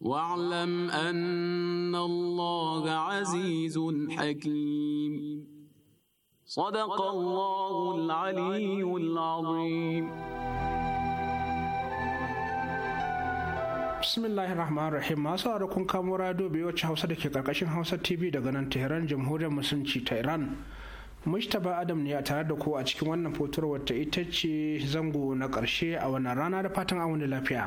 واعلم ان الله عزيز حكيم صدق الله العلي العظيم bismillahi rahmanir rahim masu da kun kamo rado bai wacce hausa da ke karkashin hausa tv daga nan tehran jamhuriyar musulunci ta iran mustapha adam ne a tare da ku a cikin wannan fotarwar ta ita ce zango na ƙarshe a wannan rana da fatan awon da lafiya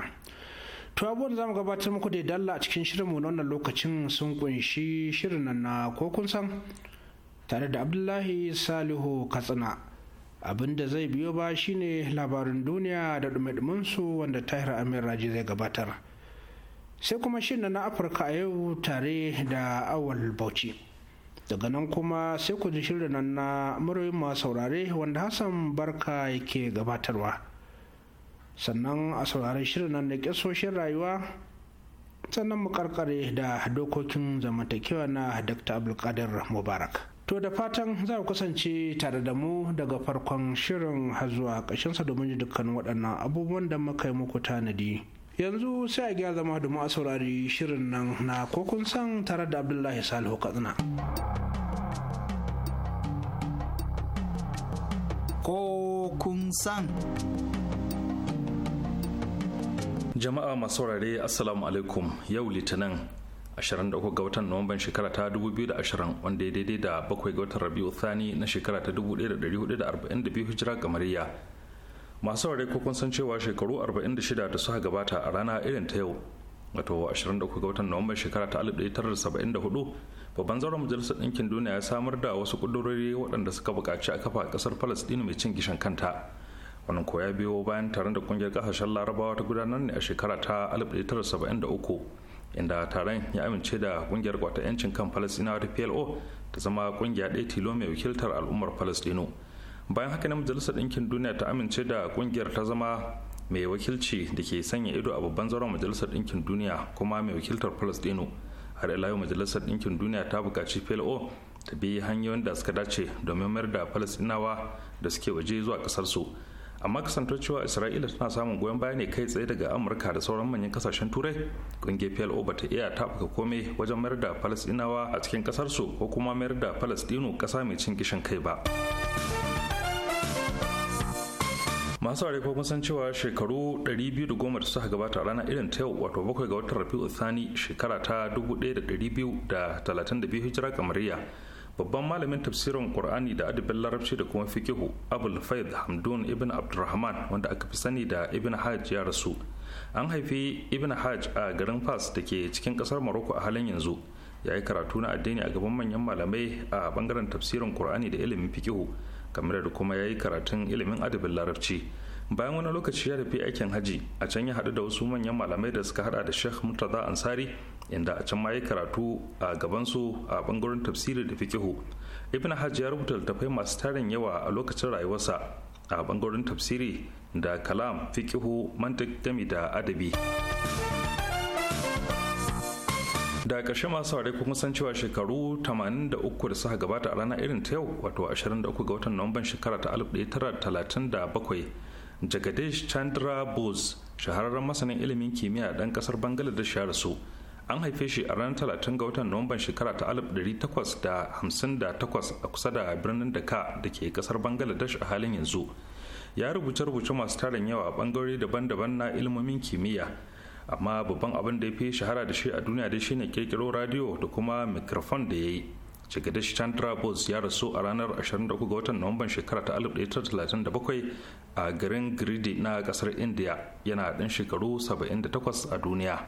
to abubuwan za mu gabatar muku da dalla a cikin shirinmu na wannan lokacin sun kunshi shirin nan na ko kun san tare da abdullahi salihu katsina abin da zai biyo ba shine labarin duniya da su wanda tahir amir raji zai gabatar sai kuma shirin na afirka a yau tare da awal bauchi daga nan kuma sai ku ji shirin na muryoyin masu saurare wanda hassan barka yake gabatarwa sannan a saurari shirin nan da kyasoshin rayuwa sannan mu karkare da dokokin zamantakewa na dr abdulkadir mubarak to da fatan za ku kasance tare da mu daga farkon shirin har zuwa ƙashinsa domin ji dukkan waɗannan abubuwan da muka yi muku tanadi yanzu sai a gya zama domin a saurari shirin nan na kokun san tare da abdullahi salihu katsina kokun san jama'a masu saurare assalamu alaikum yau litinin 23 ga watan nuwamban shekara ta 2020 wanda ya daidai da bakwai ga watan rabiu thani na shekara ta 1442 hijira gamariya masu saurare ko kun san cewa shekaru 46 da suka gabata a rana irin ta yau wato 23 ga watan nuwamban shekara ta 1974 babban zauren majalisar ɗinkin duniya ya samar da wasu ƙudurori waɗanda suka buƙaci a kafa ƙasar palestine mai cin gishan kanta wannan ya biyo bayan taron da kungiyar kasashen larabawa ta gudanar ne a shekara ta 1973 inda taron ya amince da kungiyar kwata 'yancin kan falastinawa ta plo ta zama kungiya ɗaya tilo mai wakiltar al'ummar palestino bayan haka na majalisar ɗinkin duniya ta amince da kungiyar ta zama mai wakilci da ke sanya ido a babban zaron majalisar ɗinkin duniya kuma mai wakiltar palestino har ila yau majalisar ɗinkin duniya ta buƙaci plo ta bi hanyoyin da suka dace domin mayar da palestinawa da suke waje zuwa ƙasarsu amma kasantar cewa isra'ila tana samun goyon baya ne kai tsaye daga amurka da sauran manyan kasashen turai kungiyar plo bata iya taɓuka komai wajen mayar da falastinawa a cikin kasarsu ko kuma mayar da falastinu kasa mai cin gishin kai ba masu arewa kun san cewa shekaru 210 da suka gabata a ranar irin ta yau wato bakwai ga watan rabi'u thani shekara ta 1232 hijira kamariya babban malamin tafsirin qur'ani da adabin larabci da kuma fikihu abul faid hamdun ibn abdurrahman wanda aka fi sani da ibn hajj ya rasu an haifi ibn hajj a garin fas da ke cikin kasar maroko a halin yanzu ya yi karatu na addini a gaban manyan malamai a bangaren tafsirin qur'ani da ilimin fikihu kamar da kuma ya yi karatun ilimin adabin larabci bayan wani lokaci ya tafi aikin haji a can ya haɗu da wasu manyan malamai da suka haɗa da sheikh murtaza ansari inda a can ma yi karatu a gabansu a bangaren tafsiri da fikihu ibn hajj ya rubuta littattafai masu tarin yawa a lokacin rayuwarsa a bangaren tafsiri da kalam fikihu mantik gami da adabi da ƙarshe masu ware kuma san cewa shekaru 83 da suka gabata a ranar irin ta yau wato 23 ga watan nuwamban shekara ta 1937 jagadish chandra bose shahararren masanin ilimin kimiyya ɗan ƙasar da ya rasu an haife shi a ranar 30 ga watan nuwamban shekara ta 1858 a kusa da birnin daka da ke kasar bangladesh a halin yanzu ya rubuce rubuce masu tarin yawa a bangarori daban-daban na ilmomin kimiyya amma babban abin da ya fi shahara da shi a duniya dai shine kirkiro radio da kuma mikrofon da ya yi Jagadish Chandra Bose ya rasu a ranar 23 ga watan Nuwamban shekara ta 1937 a garin gridi na kasar India yana ɗan shekaru 78 a duniya.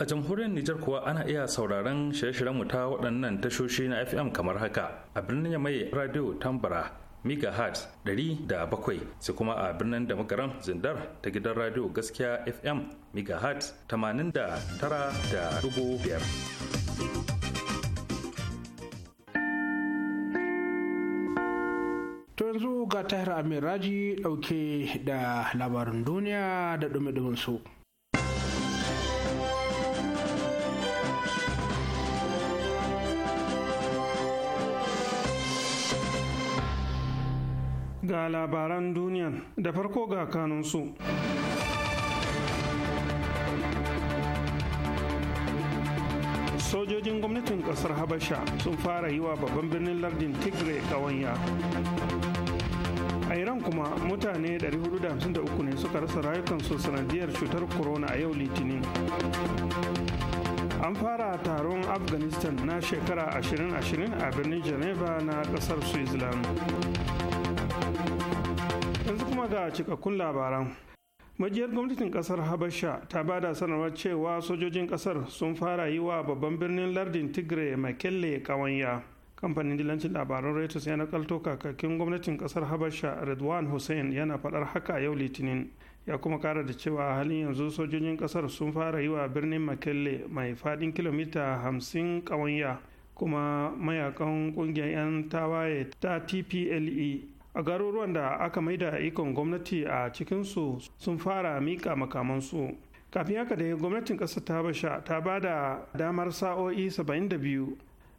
A jamhuriyar Nijar kuwa ana iya sauraron shirye-shiryen mu ta waɗannan tashoshi na FM kamar haka a birnin mai radio Tambara megahertz 107 sai kuma a birnin da makaran zindar ta gidan radio gaskiya FM megahertz 89.5. yanzu ga tahir Amir Raji dauke da labarin duniya da dumi su. ga labaran duniya da farko ga kanunsu. sojojin gwamnatin kasar habasha sun fara yi wa babban birnin lardin tigray kawanya a iran kuma mutane 453 ne suka rasa rayukansu sanadiyar cutar corona a yau litinin an fara taron afghanistan na shekara 2020 a birnin geneva na kasar switzerland ga cikakkun labaran majiyar gwamnatin kasar habasha ta ba da sanarwar cewa sojojin kasar sun fara yi wa babban birnin lardin tigre makelle kawanya kamfanin dilancin labaran reuters ya nakalto kakakin gwamnatin kasar habasha redwan hussein yana faɗar haka yau litinin ya kuma kara da cewa halin yanzu sojojin kasar sun fara yi wa birnin makelle mai fadin kilomita hamsin kawanya kuma mayakan kungiyar 'yan tawaye ta tple a garuruwan da aka maida ikon gwamnati a cikinsu sun fara miƙa makamansu kafin haka da gwamnatin ƙasar ta basha ta ba da damar sa'o'i 72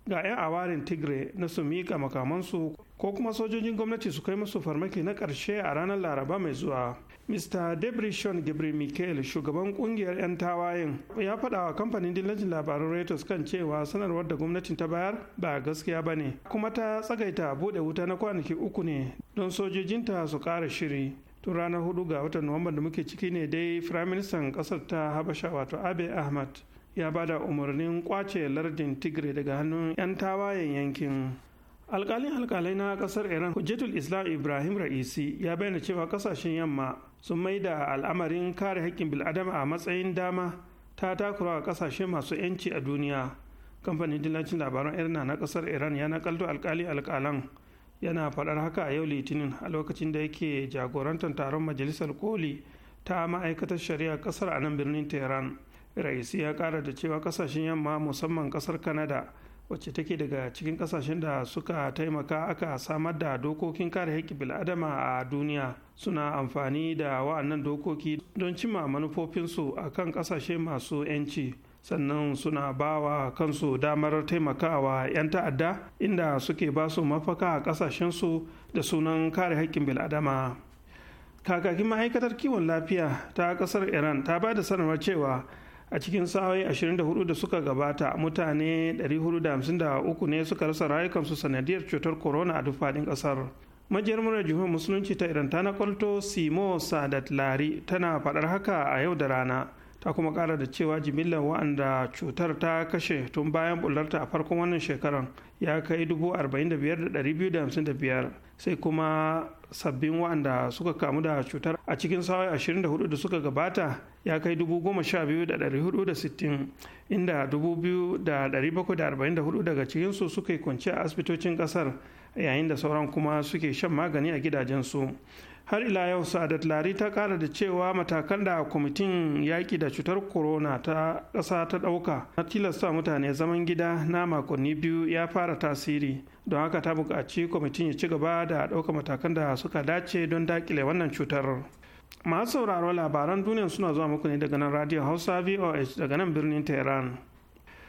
ga 'yan awarin tigre na su miƙa makamansu ko kuma sojojin gwamnati su kai musu farmaki na ƙarshe a ranar laraba mai zuwa mr debrishon gabriel michael shugaban kungiyar 'yan tawayen ya faɗa wa kamfanin dillancin labarun reuters kan cewa sanarwar da gwamnatin ta bayar ba gaskiya ba ne kuma ta tsagaita buɗe wuta na kwanaki uku ne don sojojinta su ƙara shiri tun ranar hudu ga watan nuwamba da muke ciki ne dai firaministan ƙasar ta habasha wato abe ahmad ya bada umarnin kwace lardin tigray daga hannun 'yan tawayen yankin alkalin alkalai na kasar iran hujjatul islam ibrahim ra'isi ya bayyana cewa kasashen yamma sun maida al'amarin kare haƙƙin bil'adama a matsayin dama ta takura ga kasashe masu 'yanci a duniya kamfanin dillacin labaran irna na kasar iran ya nakalto alkali alkalan yana faɗar haka a yau litinin a lokacin da yake jagorantar taron majalisar koli ta ma'aikatar shari'a kasar a nan birnin tehran raisi ya ƙara da cewa kasashen yamma musamman kasar kanada wacce take daga cikin kasashen da suka taimaka aka samar da dokokin kare haƙƙi bil'adama a duniya suna amfani da wa'annan dokoki don cimma manufofinsu a kan kasashe masu 'yanci sannan suna bawa kansu damar taimakawa 'yan ta'adda inda suke ba su mafaka a kasashensu da sunan kare haƙƙin bil'adama kakakin ma'aikatar kiwon lafiya ta ƙasar iran ta ba da sanarwar cewa a cikin sa'o'i 24 da suka gabata mutane 453 ne suka rasa rayukansu sanadiyar cutar corona a duk faɗin ƙasar majiyar murar jihar musulunci ta iran ta nakwalto simo sadat lari tana faɗar haka a yau da rana ta kuma ƙara da cewa jimillar wa'anda cutar ta kashe tun bayan bullarta a farkon wannan shekarar ya kai 45,255 sai kuma sabbin waɗanda suka kamu da cutar a cikin sawai 24 da suka gabata ya kai 12,460 inda 2,744 daga cikinsu suka yi kwanci a asibitocin ƙasar yayin da sauran kuma suke shan magani a gidajensu har ila yau sa'adat lari ta kara da cewa matakan da kwamitin yaƙi da cutar corona ta ƙasa ta ɗauka na tilasta mutane zaman gida na makonni biyu ya fara tasiri don haka ta buƙaci kwamitin ya ci gaba da ɗauka matakan da suka dace don daƙile wannan cutar masu sauraro labaran duniya suna zuwa muku ne daga nan radio hausa voh daga nan birnin tehran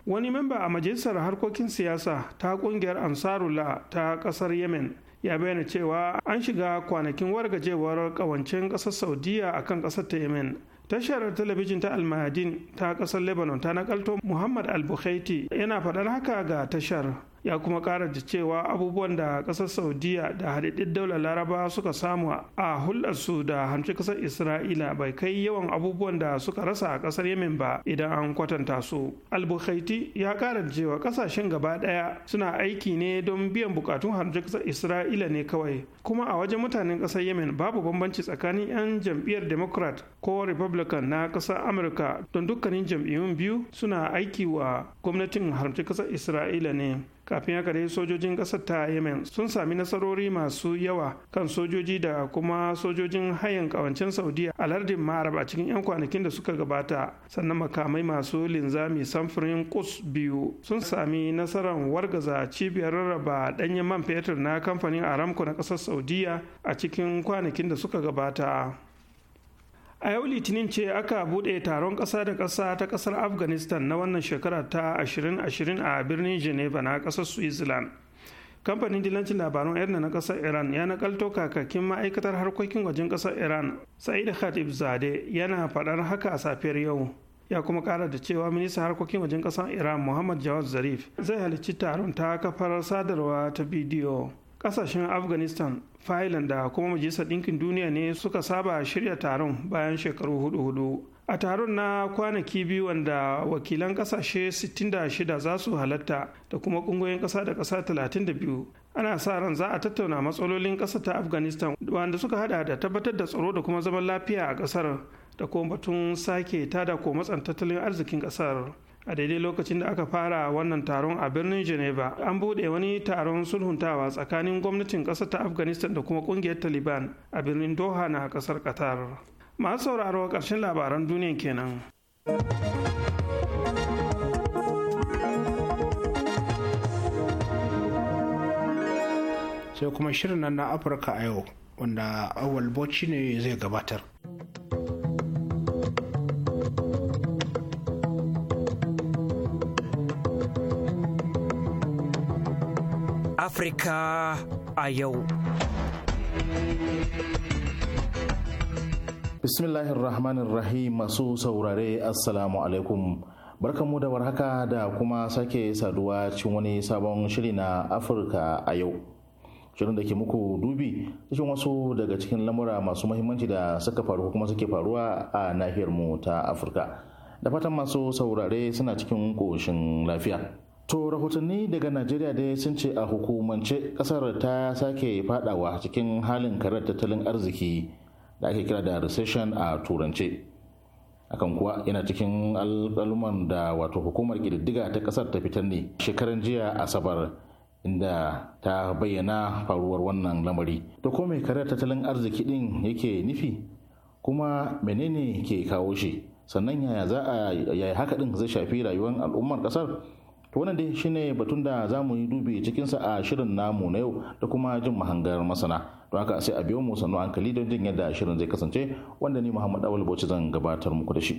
wani memba a majalisar harkokin siyasa ta kungiyar ansarula ta ƙasar yemen ya bayyana cewa an shiga kwanakin wargajewar kawancin ƙasar saudiya kan ƙasar ta yemen tashar talabijin ta almahadin ta ƙasar lebanon ta nakalto muhammad al yana faɗar haka ga tashar ya kuma kara da cewa abubuwan da kasar saudiya da hadaddin daular laraba suka samu a su da hanci kasar isra'ila bai kai yawan abubuwan da suka rasa a kasar yemen ba idan an kwatanta su albuhaiti ya kara da cewa kasashen gaba daya suna aiki ne don biyan bukatun hanci kasar isra'ila ne kawai kuma a wajen mutanen kasar yemen babu bambanci tsakanin 'yan jam'iyyar democrat ko republican na ƙasar amurka don dukkanin jam'iyyun biyu suna aiki wa gwamnatin haramci ƙasar isra'ila ne kafin haka dai sojojin ƙasar ta yemen sun sami nasarori masu yawa kan sojoji da kuma sojojin hayan ƙawancen saudiya a lardin ma'arab a cikin 'yan kwanakin da suka gabata sannan makamai masu linzami samfurin kus biyu sun sami nasarar wargaza cibiyar rarraba 'danyen man fetur na kamfanin aramco na ƙasar saudiya a cikin kwanakin da suka gabata a yau litinin ce aka buɗe taron ƙasa da kasa ta ƙasar afghanistan na wannan shekara ta 2020 a birnin geneva na ƙasar switzerland kamfanin dilancin labaran irna na ƙasar iran ya nakalto kakakin ma'aikatar harkokin wajen ƙasar iran sa'id khatib zade yana faɗar haka a safiyar yau ya kuma ƙara da cewa ministan harkokin wajen ƙasar iran muhammad jawad zarif zai halicci taron ta kafar sadarwa ta bidiyo kasashen afghanistan thailand da kuma majalisar ɗinkin duniya ne suka saba shirya taron bayan shekaru hudu-hudu a taron na kwanaki biyu wanda wakilan kasashe 66 za su halatta da kuma ƙungiyoyin kasa da kasa 32 ana sa ran za a tattauna matsalolin kasa ta afghanistan wanda suka hada da tabbatar da tsaro da kuma zaman lafiya a ƙasar da kuma batun sake tada ko matsan tattalin arzikin ƙasar. a daidai lokacin da aka fara wannan taron a birnin geneva an buɗe wani taron sulhuntawa tsakanin gwamnatin ƙasar ta afghanistan da kuma ƙungiyar taliban a birnin doha na ƙasar qatar masu sauraro karshen labaran duniya kenan sai kuma shirin nan na afirka a yau wanda awal bocci ne zai gabatar Afirka a yau. Bismillahirrahmanirrahim masu saurare Assalamu alaikum. Barkanmu da warhaka da kuma sake saduwa cikin wani sabon shiri na Afirka a yau. Shirin da ke muku dubi cikin wasu daga cikin lamura masu mahimmanci da suka faru kuma suke faruwa a nahiyarmu ta Afirka. Da fatan masu saurare suna cikin ƙoshin lafiya. To rahotanni daga Najeriya dai sun ce a hukumance kasar ta sake fadawa cikin halin karar tattalin arziki da ake kira da recession a turance. Akan kuwa yana cikin alƙaluman da wato hukumar ƙididdiga ta kasar ta fitar ne shekaran jiya Asabar inda ta bayyana faruwar wannan lamari. To ko mai karar tattalin arziki din yake nufi kuma menene ke kawo shi sannan yaya za a haka din zai shafi rayuwar al'ummar ƙasar? to wannan dai shine batun da za mu yi dubi cikinsa a shirin namu na yau da kuma jin mahangar masana don haka sai a biyo mu sannu hankali don jin yadda shirin zai kasance wanda ni muhammad awal bauchi zan gabatar muku da shi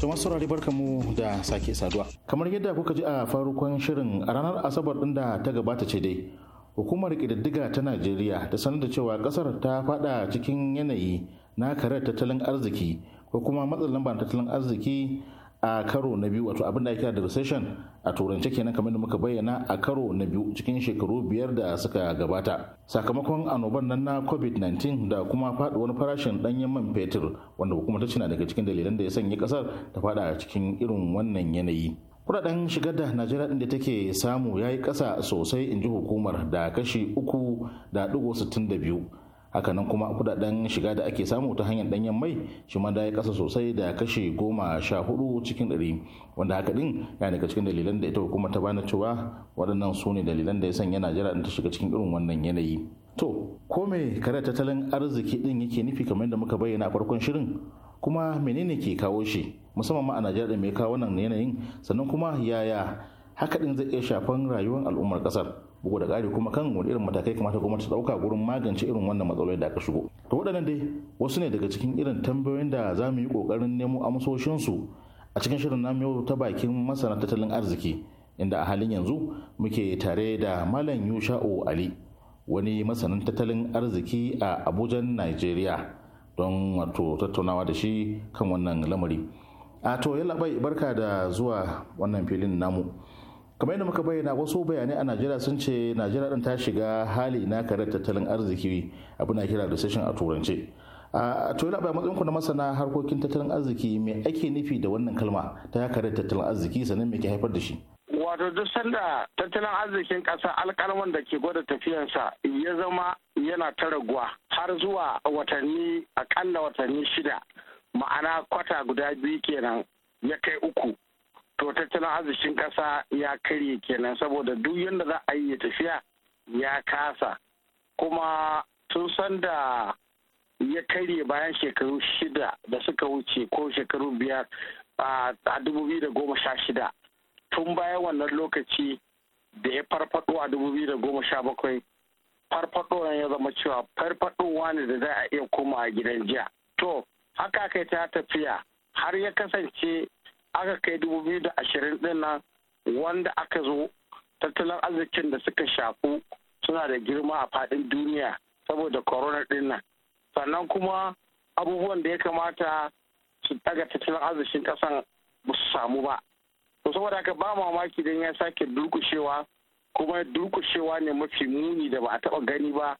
Tumar saurari barka mu da sake saduwa. Kamar yadda kuka ji a farukon shirin a ranar Asabar ɗin da ta gabata ce dai, hukumar ƙididdiga ta Najeriya ta sanar da cewa ƙasar ta faɗa cikin yanayi na karar tattalin arziki ko kuma matsin lamba tattalin arziki a karo na biyu wato abin da ake da recession a turance kenan kamar da muka bayyana a karo na biyu cikin shekaru biyar da suka gabata sakamakon annoban nan na covid-19 da kuma faduwar farashin danyen man fetur wanda hukumar ta cina daga cikin dalilan da ya sanya kasar ta fada cikin irin wannan yanayi kudaden shigar da najeriya din da take samu ya yi kasa sosai in ji hukumar da kashi uku da digo sittin da biyu hakanan kuma kudaden shiga da ake samu ta hanyar danyen mai shi ma da ya kasa sosai da kashe goma sha hudu cikin ɗari wanda haka din ya daga cikin dalilan da ita kuma ta bana cewa waɗannan su ne dalilan da ya sanya najeriya ta shiga cikin irin wannan yanayi to ko me karar tattalin arziki din yake nufi kamar yadda muka bayyana a farkon shirin kuma menene ke kawo shi musamman ma a najeriya mai kawo wannan yanayin sannan kuma yaya haka din zai iya shafan rayuwar al'ummar kasar bugu da ƙari kuma kan wani irin matakai kamata gwamnati ta ɗauka gurin magance irin wannan matsaloli da aka shigo to waɗannan dai wasu ne daga cikin irin tambayoyin da za mu yi ƙoƙarin nemo amsoshinsu a cikin shirin namu yau ta bakin masana tattalin arziki inda a halin yanzu muke tare da malam yusha'u ali wani masanin tattalin arziki a abuja nigeria don wato tattaunawa da shi kan wannan lamari a to yalla bai barka da zuwa wannan filin namu kamar yadda muka bayyana wasu bayanai a najeriya sun ce najeriya din ta shiga hali na kare tattalin arziki abu na kira recession a turance a toyi labarai matsayin ku na masana harkokin tattalin arziki me ake nufi da wannan kalma ta kare tattalin arziki sannan me ke haifar da shi wato duk sanda tattalin arzikin ƙasa alƙalman da ke gwada tafiyansa ya zama yana ta raguwa har zuwa watanni akalla watanni shida ma'ana kwata guda biyu kenan ya kai uku to tattalin arzikin ƙasa ya karye kenan saboda duk yadda za a yi ya tafiya ya kasa kuma sun san da ya karye bayan shekaru shida da suka wuce ko shekaru biyar a dubu biyu da goma sha shida tun bayan wannan lokaci da ya farfado a dubu biyu da goma sha bakwai farfado ya zama cewa farfadowa ne da za a iya koma a gidan jiya to haka kai ta tafiya har ya kasance aka kai dubu biyu da ashirin din wanda aka zo tattalin arzikin da suka shafu suna da girma a fadin duniya saboda korona din nan sannan kuma abubuwan da ya kamata su daga tattalin arzikin kasan ba su samu ba to saboda haka ba mamaki don ya sake durkushewa kuma durkushewa ne mafi muni da ba a taɓa gani ba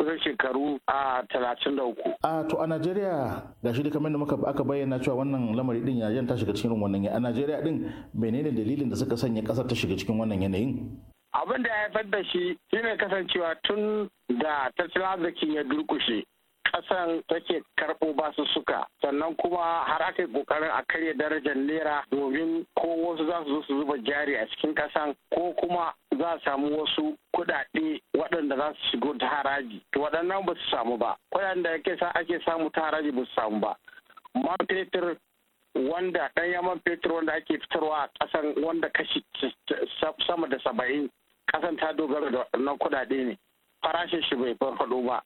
kusan shekaru a talatin da uku. A to a Najeriya ga shi kamar da muka aka bayyana cewa wannan lamari din ya ta shiga cikin wannan yanayi. A Najeriya din menene dalilin da suka sanya kasar ta shiga cikin wannan yanayin? Abin da ya haifar da shi shine kasancewa tun da tattalin arziki ya durkushe kasan take karɓo basu suka sannan kuma har aka yi kokarin a karya darajar naira domin ko wasu za su zo su zuba jari a cikin kasan ko kuma za a samu wasu kuɗaɗe waɗanda za su shigo ta haraji to waɗannan ba su samu ba waɗanda da ake sa ake samu ta haraji ba su samu ba man fetur wanda ɗan yaman fetur wanda ake fitarwa a kasan wanda kashi sama da saba'in kasan ta dogara da waɗannan kuɗaɗe ne farashin shi bai farfaɗo ba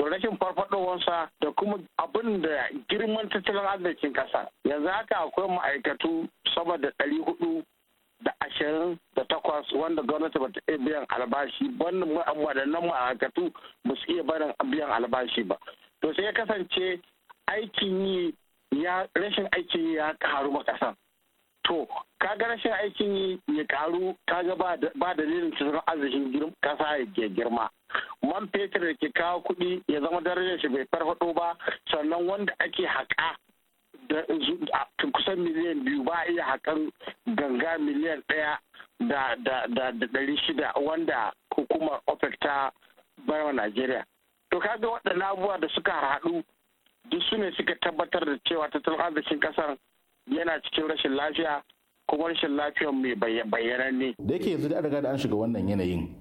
to rashin farfadowarsa da kuma abin da girman tattalin arzikin kasa yanzu haka akwai ma'aikatu sama da ɗari hudu da ashirin da takwas wanda gwamnati ba ta iya biyan albashi wannan waɗannan ma'aikatu ba su iya barin biyan albashi ba to sai ya kasance aikin yi ya rashin aikin yi ya karu ma kasan to kaga rashin aikin yi ya karu kaga ba dalilin tattalin arzikin kasa ya girma man fetur da ke kawo kuɗi ya zama darajar shi bai farfaɗo ba sannan wanda ake haƙa da kusan miliyan biyu ba iya haƙan ganga miliyan ɗaya da ɗari shida wanda hukumar opec ta bai wa najeriya to kaga waɗannan abubuwa da suka haɗu duk su ne suka tabbatar da cewa tattalin arzikin ƙasar yana cikin rashin lafiya kuma rashin lafiyar mai ne. da yake yanzu da an riga da an shiga wannan yanayin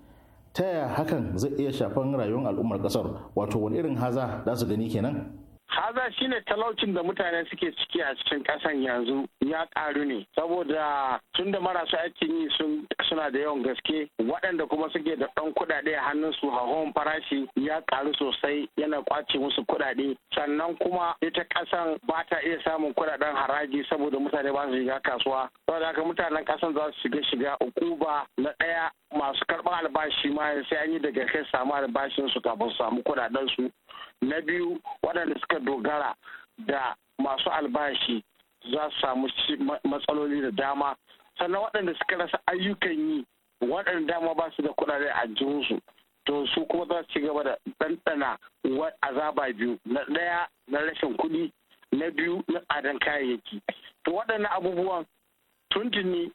ta yaya hakan zai iya shafan rayuwar al'ummar kasar wato wani irin haza za su gani kenan haza shine talaucin da mutane suke ciki a cikin kasan yanzu ya karu ne saboda tun da marasa aikin yi suna da yawan gaske waɗanda kuma suke da ɗan kuɗaɗe a hannun su hahon farashi ya karu sosai yana kwace musu kuɗaɗe sannan kuma ita kasan ba ta iya samun kuɗaɗen haraji saboda mutane ba su shiga kasuwa saboda haka mutanen kasan za su shiga shiga ukuba na ɗaya masu karɓar albashi ma sai an yi daga kai samu albashin su kafin su samu kuɗaɗen su na biyu waɗanda suka dogara da masu albashi za su samu matsaloli da dama sannan waɗanda suka rasa ayyukan yi waɗanda dama ba su da kuɗaɗe a jinsu to su kuma za su ci gaba da ɗanɗana azaba biyu na ɗaya na rashin kuɗi na biyu na tsadan kayayyaki to waɗannan abubuwan tuntuni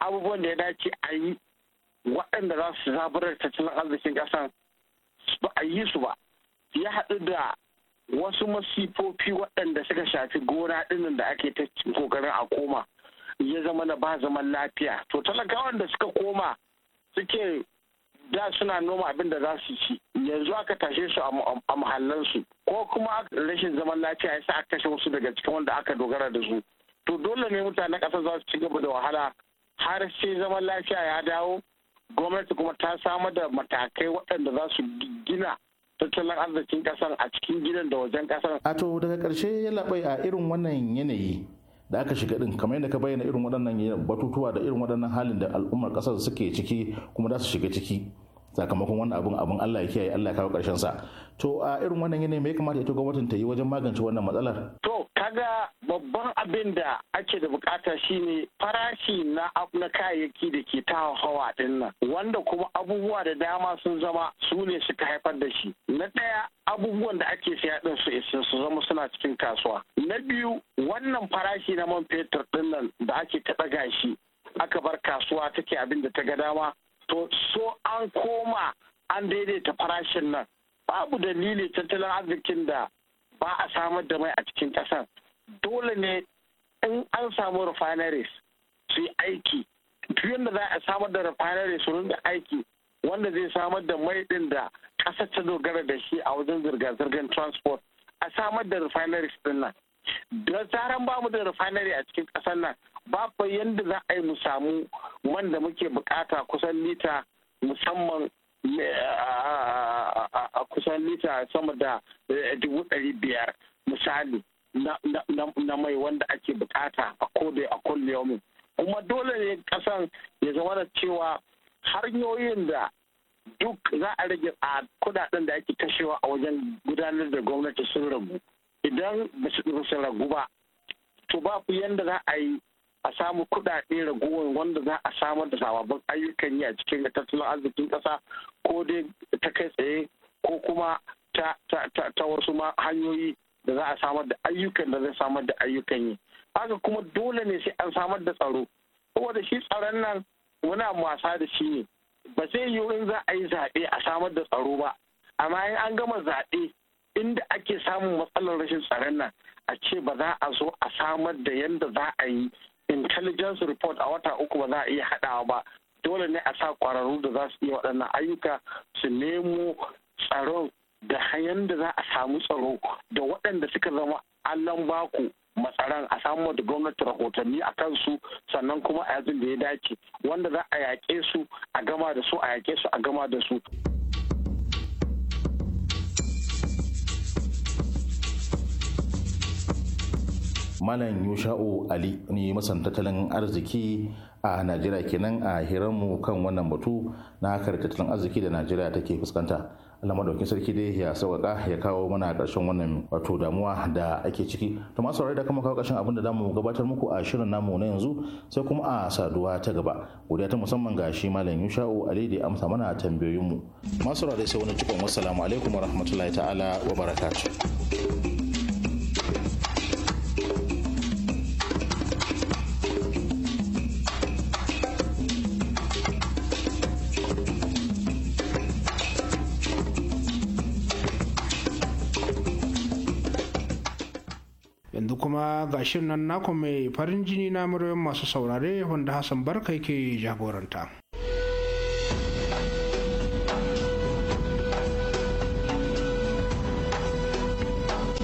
abubuwan da ya dace a yi waɗanda za su zaburar tattalin arzikin ƙasan ba a yi su ba ya haɗu da wasu masifofi waɗanda suka shafi gona ɗinin da ake ta kokarin a koma ya zama na ba zaman lafiya to talakawan da suka koma suke da suna noma abin da za su ci yanzu aka tashe su a muhallansu ko kuma rashin zaman lafiya ya sa aka kashe wasu daga cikin wanda aka dogara da su to dole ne mutanen ƙasa za su ci gaba da wahala har sai zaman lafiya ya dawo gwamnati kuma ta samar da matakai waɗanda za su gina tattalin arzikin ƙasar a cikin gidan da wajen kasar a to daga karshe ya labai a irin wannan yanayi da aka shiga din kamar yadda ka bayyana irin waɗannan batutuwa da irin waɗannan halin da al'ummar ƙasar suke ciki kuma za su shiga ciki sakamakon wannan abun abun Allah ya kiyaye Allah ya kawo karshen sa to a irin wannan yanayi me ya kamata ita gwamnatin ta yi wajen magance wannan matsalar to kaga babban abin da ake da bukata shine farashi na na kayayyaki da ke ta hawa din nan wanda kuma abubuwa da dama sun zama su ne suka haifar da shi na daya abubuwan da ake siya din su isa su zama suna cikin kasuwa na biyu wannan farashi na man fetur din nan da ake ta gashi shi aka bar kasuwa take abin da ta ga dama to so an koma an daidaita farashin nan babu dalili tattalin arzikin da ba a samar da mai a cikin kasar dole ne in an samu refineries su yi aiki duk da za a samar da refineries su rinda aiki wanda zai samar da mai ɗin da ƙasar ta dogara da shi a wajen zirga-zirgar transport a samar da refineries din nan da zaran bamu da refinery a cikin ƙasar nan ba fa yanda za a yi mu samu man muke bukata kusan lita musamman eh, a kusan lita sama da eh, dubu ɗari biyar misali na mai wanda ake bukata a kodai a kulle kuma dole ne kasan ya zama da cewa hanyoyin da duk za a rage a kudaden da ake kashewa a wajen gudanar da gwamnati sun ragu idan ba su ragu ba to ba ku yadda za a yi a samu kuɗaɗe ragowar wanda za a samar da sababbin ayyukan yi a cikin tattalin arzikin kasa ko dai ta kai tsaye ko kuma ta wasu hanyoyi da za a samar da ayyukan da zai samar da ayyukan yi haka kuma dole ne sai an samar da tsaro saboda shi tsaron nan muna wasa da shi ne ba zai yiwu in za a yi zaɓe a samar da tsaro ba amma in an gama zaɓe inda ake samun matsalar rashin tsaron nan a ce ba za a zo a samar da yadda za a yi intelligence report a wata uku ba za a iya haɗawa ba dole ne a sa ƙwararru da za su iya waɗannan ayyuka su nemo tsaron da hanyar da za a samu tsaro da waɗanda suka zama allon baku matsaran a samu da gwamnati rahotanni a kansu sannan kuma a yanzu da ya dace wanda za a yaƙe su a gama da su a yaƙe su a gama da su. malam yusha'u ali ne masan tattalin arziki a najeriya kenan a mu kan wannan batu na hakar tattalin arziki da najeriya take fuskanta Allah madaukin sarki dai ya sauƙaƙa ya kawo mana ƙarshen wannan wato damuwa da ake ciki to masu saurari da kuma kawo ƙarshen abin da zamu gabatar muku a shirin namu na yanzu sai kuma a saduwa ta gaba godiya ta musamman ga shi malam Yusha'u Ali da amsa mana tambayoyin mu masu saurari sai wani cikon wassalamu alaikum warahmatullahi ta'ala wa yanzu kuma gashin nan nako mai farin jini na muryoyin masu saurare wanda hassan barka yake jagoranta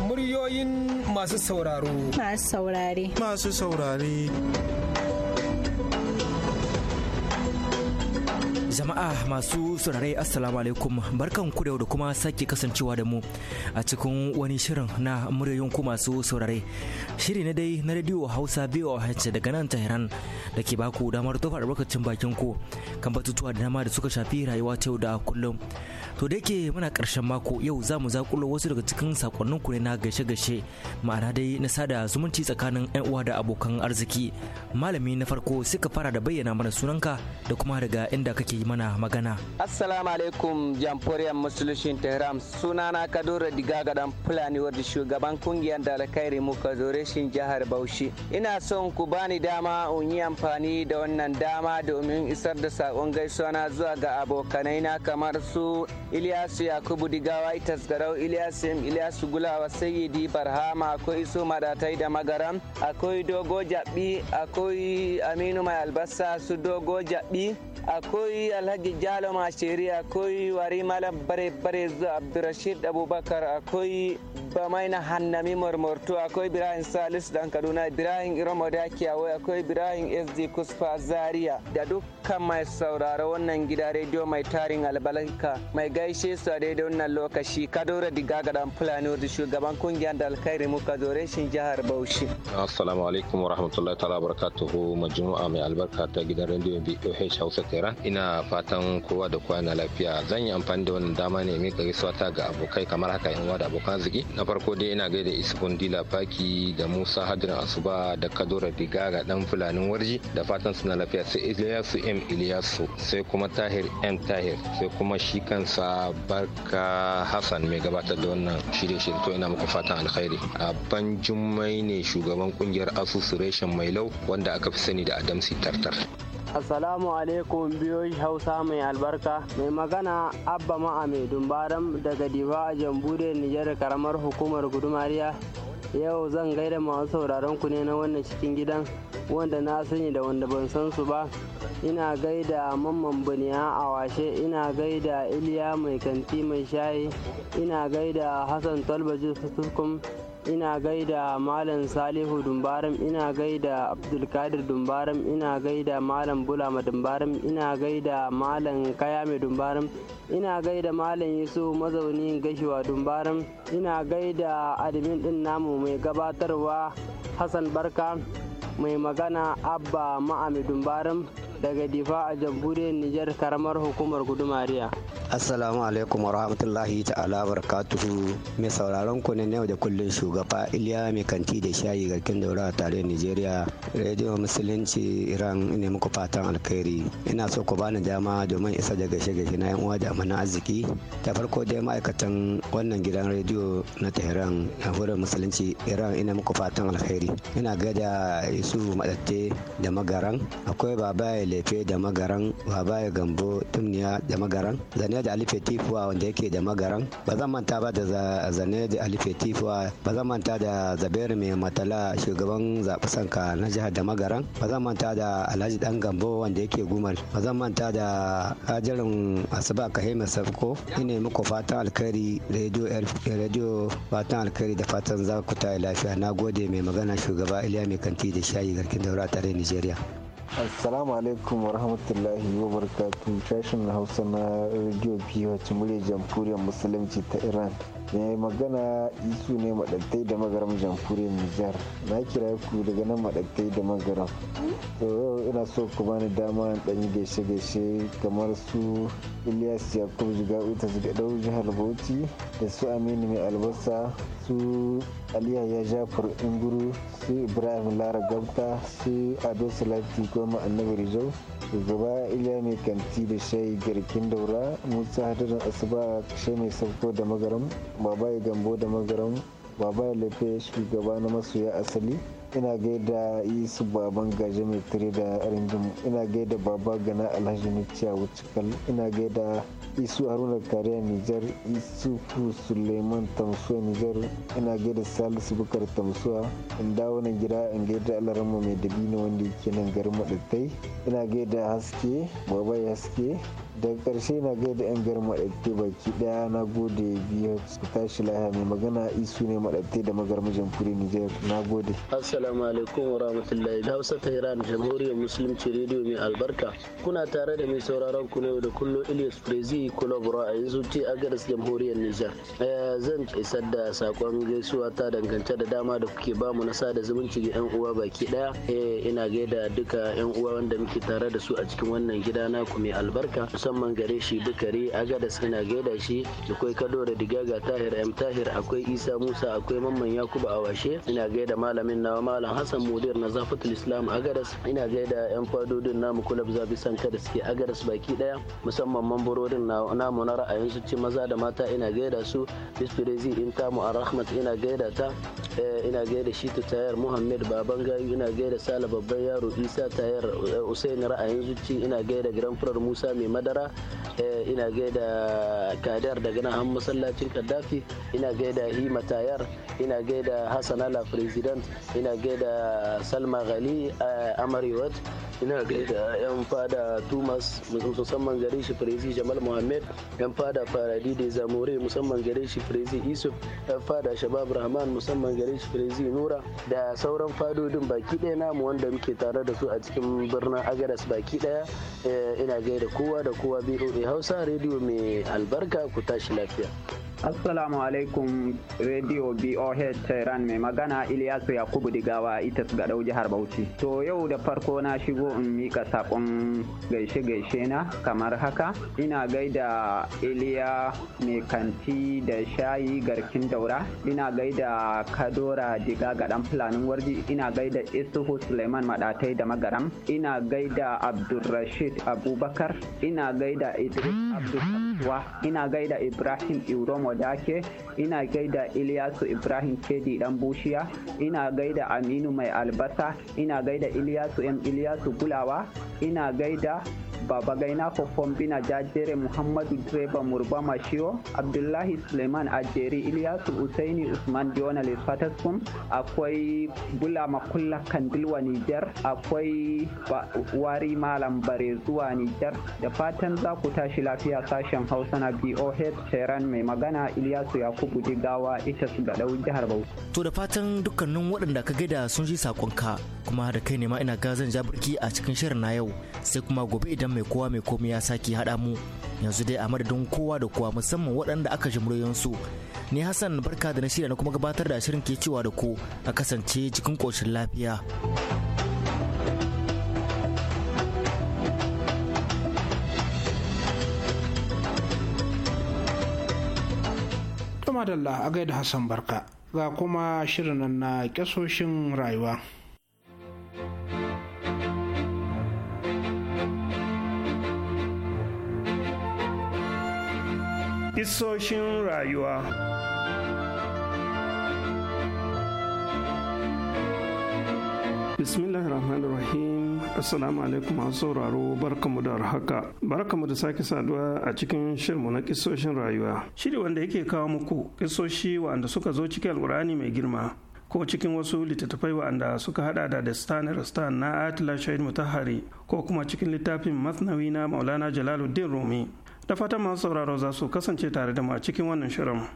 muryoyin masu sauraro masu saurare masu saurare Jama'a masu saurare Assalamu alaikum barkan ku da da kuma sake kasancewa da mu a cikin wani shirin na muryoyin ku masu saurare. Shiri na dai na Radio Hausa BOH daga nan Tehran da ke baku damar tofa albarkacin bakin ku kan batutuwa da dama da suka shafi rayuwa ta yau da kullum. to da yake muna karshen mako yau za mu zakulo wasu daga cikin sakonnin ku ne na gashe-gashe ma'ana dai na sada zumunci tsakanin 'yan uwa da abokan arziki malami na farko suka fara da bayyana mana sunanka da kuma daga inda kake yi mana magana assalamu alaikum musulunci musulushin tehran sunana kadura diga gadan fulani wadda shugaban kungiyar dalakai remuka rashin jihar bauchi ina son ku bani dama in yi amfani da wannan dama domin isar da sakon gaisuwa na zuwa ga abokanai na kamar su Iliyasu Yakubu Digawa Itas Garau Iliyas M iliyasu Gulawa Sayyidi Barhama akwai Iso Madatai da Magaram akwai Dogo Jabi akwai Aminu Mai Albasa su Dogo Jabi akwai alhaji jalo mashiri akwai wari malam bare bare abdurashid abubakar akwai bamaina hannami marmarto akwai ibrahim salis dan kaduna ibrahim iroma dakiyawa akwai ibrahim sd kusfa zaria da dukkan mai sauraro wannan gida rediyo mai tarin albalanka mai gaishe su a daidai wannan lokaci kadora diga gadan fulani da shugaban kungiyar da alkhairi muka zore shin jihar bauchi assalamu alaikum wa warahmatullahi ta'ala barakatuhu majmu'a mai albarka ta gidan rediyo boh hausa kera ina fatan kowa da kowa na lafiya zan yi amfani da wannan dama ne mika gaisuwa ta ga abokai kamar haka yan da abokan arziki na farko dai ina gaida isfun dila faki da musa hadirin asuba da kadura ga dan fulanin warji da fatan suna lafiya sai iliyasu m iliyasu sai kuma tahir m tahir sai kuma shi kansa barka hassan mai gabatar da wannan shirye-shirye to ina muku fatan alkhairi a ban jummai ne shugaban kungiyar asusu reshen mai lau wanda aka fi sani da adamsi tartar Assalamu alaikum biyoyi Hausa mai albarka mai magana Abba Ma'a mai dumbaram daga Diba a Jambude Nijar karamar hukumar Gudumariya. Yau zan gaida masu sauraron ku ne na wannan cikin gidan wanda na sani da wanda ban san su ba. Ina gaida mamman baniya a washe, ina gaida Iliya mai kanti mai shayi, ina gaida Hassan Talbaji Sutukum ina gaida malam salihu dumbaram ina gaida abdulkadir dumbaram ina gaida malam bulama dumbaram ina gaida malam kayame dumbaram ina gaida malam yusuf mazaunin gashiwa dumbaram ina gaida admin din namu mai gabatarwa hassan barka mai magana abba ma'ami dumbaram daga Difa a jamhuriyar Nijar karamar hukumar Gudumariya. Assalamu alaikum wa rahmatullahi ta'ala barakatuhu mai sauraron ku ne yau da kullun shugaba Iliya mai kanti da shayi garkin daura a tarayyar Nijeriya Radio Musulunci Iran ne muku fatan alkhairi ina so ku bani dama domin isa da gashe gashe na yan uwa da amana arziki da farko dai ma'aikatan wannan gidan rediyo na Tehran na hurar musulunci Iran ina muku fatan alkhairi ina gada Yusuf Madatte da Magaran akwai Babaye lefe da magaran babaye gambo tumniya da magaran zane da alife tifuwa wanda yake da magaran ba zan manta ba da zane da alife tifuwa ba zan manta da zaberi mai matala shugaban zaɓi sanka na jihar da magaran ba zan manta da alhaji dan gambo wanda yake gumal ba zan manta da hajarin asuba kahima safko ina muku fatan alkhairi radio radio fatan alkhairi da fatan za ku ta lafiya na gode mai magana shugaba iliya mai kanti da shayi garkin daura tare nigeria assalamu alaikum wa rahmatullahi wa barakatu sashen hausa na radio biyu wacce murya jamhuriyar musulunci ta iran mai magana isu ne maɗattai da magaram jamhuriyar nijar na kira ku daga nan maɗattai da magaram yau ina so ku bani dama ɗan gaishe gaishe kamar su ilyas yakubu jigabu ta jigadau jihar bauchi da su aminu mai albasa su aliya ya jafur inguru sai ibrahim lara gabta sai ado salati goma annabi rizo shugaba iliya mai kanti da shai garkin daura musa hadarin asuba kashe mai sauko da magaram babaye gambo da magaram babaye lafiya shugaba na masoya asali ina gaida isu baban gaje mai tare da rindin ina gaida baba gana alhaji nuciya wucikal ina gaida isu haruna kariya nijar Isu fu suleiman tamsuwa nijar ina gaida salisu bukar tamsuwa in dawo nan gida in gaida alarama mai dabino wanda yake nan garin maɗattai ina gaida haske baba haske da karshe na gaida yan biyar maɗaɗe baki ɗaya na gode biyu su tashi lahiya mai magana isu ne maɗaɗe da magarmu kuri nijar na gode assalamu alaikum wa rahmatullahi da hausa ta iran jamhuriyar musulunci rediyo mai albarka kuna tare da mai sauraron ku ne da kullum ilyas prezi kulabura a yanzu ce a jamhuriyar nijar eh, zan isar da sakon gaisuwa ta dangance da dama da kuke bamu na sada zumunci ga yan uwa baki ɗaya eh, ina gaida duka yan uwa wanda muke tare da su a cikin wannan gida naku mai albarka musamman gare shi bukari agadas ina gaida shi akwai da digaga tahir m tahir akwai isa musa akwai mamman yakubu awashe ina gaida malamin nawa malam hassan mudir na zafatul islam a agadas ina gaida yan fadodin namu kulab zabi sanka da suke agadas baki daya musamman mambarorin namu na ra'ayin su ci maza da mata ina gaida su bisfirezi in tamu a rahmat ina gaida ta eh, ina gaida shi ta tayar muhammad baban gayu ina gaida sala babban yaro isa tayar eh, usaini ra'ayin zuci ina gaida giran musa mai madara Zamfara eh, ina gaida Kadar daga nan an masallacin Kaddafi ina gaida Hima Tayar ina gaida Hassan Ala President ina gaida Salma Ghali eh, Amariwat ina gaida yan fada tumas musamman gare shi firizi jamal muhammed yan fada faradi da zamore musamman gare shi firizi isuf yan fada shabab rahman musamman gare shi firizi nura da sauran fadodin baki ɗaya namu wanda muke tare da su a cikin birnin agadas baki ɗaya eh, ina gaida kowa da kowa boa hausa rediyo mai albarka ku tashi lafiya. Assalamu alaikum Radio BOH Tehran mai magana Iliyasu Yakubu Digawa Itas Gadau jihar Bauchi. To yau da farko na shigo in mika sakon gaishe-gaishe na kamar haka ina gaida Iliya mai kanti da shayi garkin daura ina gaida Kadora Diga gadan fulanin warji ina gaida Isuhu Suleiman Madatai da Magaram ina gaida Abdulrashid Abubakar ina gaida Idris Abdul ina gaida Ibrahim Iromo wadake ina gaida iliyasu Ibrahim Kedi dan Bushiya ina gaida Aminu mai albasa ina gaida iliyasu yan iliyasu Gulawa ina gaida Baba Gaina Kofon Bina Jajere Muhammadu Direba Murba Mashiwo Abdullahi Suleiman Ajeri iliyasu Usaini Usman Diona Lisfataskum akwai Bula Makulla Kandilwa Nijar akwai Wari Malam Bare zuwa Nijar da fatan za ku tashi lafiya sashen Hausa na BOH teran mai magana magana Ilyasu Yakubu Jigawa ita su ga ɗau jihar Bauchi. To da fatan dukkanin waɗanda ka gaida sun ji sakonka kuma da kai ne ma ina gazan jaburki a cikin shirin na yau sai kuma gobe idan mai kowa mai komai ya sake hada mu yanzu dai a madadin kowa da kowa musamman waɗanda aka ji su Ni Hassan barka da na shirya na kuma gabatar da shirin ke cewa da ku a kasance cikin koshin lafiya. madalla a gaida Hassan Barka ga kuma shirin na kyasoshin rayuwa. Isoshin rayuwa Bismillahi rahmanir rahim assalamu alaikum masu sauraro barkamu da haka barkamu da sake saduwa a cikin shirmu na kisoshin rayuwa shiri wanda yake kawo muku kisoshi wa'anda suka zo cikin alkur'ani mai girma ko cikin wasu littattafai wa'anda suka hada da dastan rastan na atila shahid mutahari ko kuma cikin littafin masnawi na maulana jalaluddin rumi da fatan masu sauraro za su kasance tare da mu a cikin wannan shirin.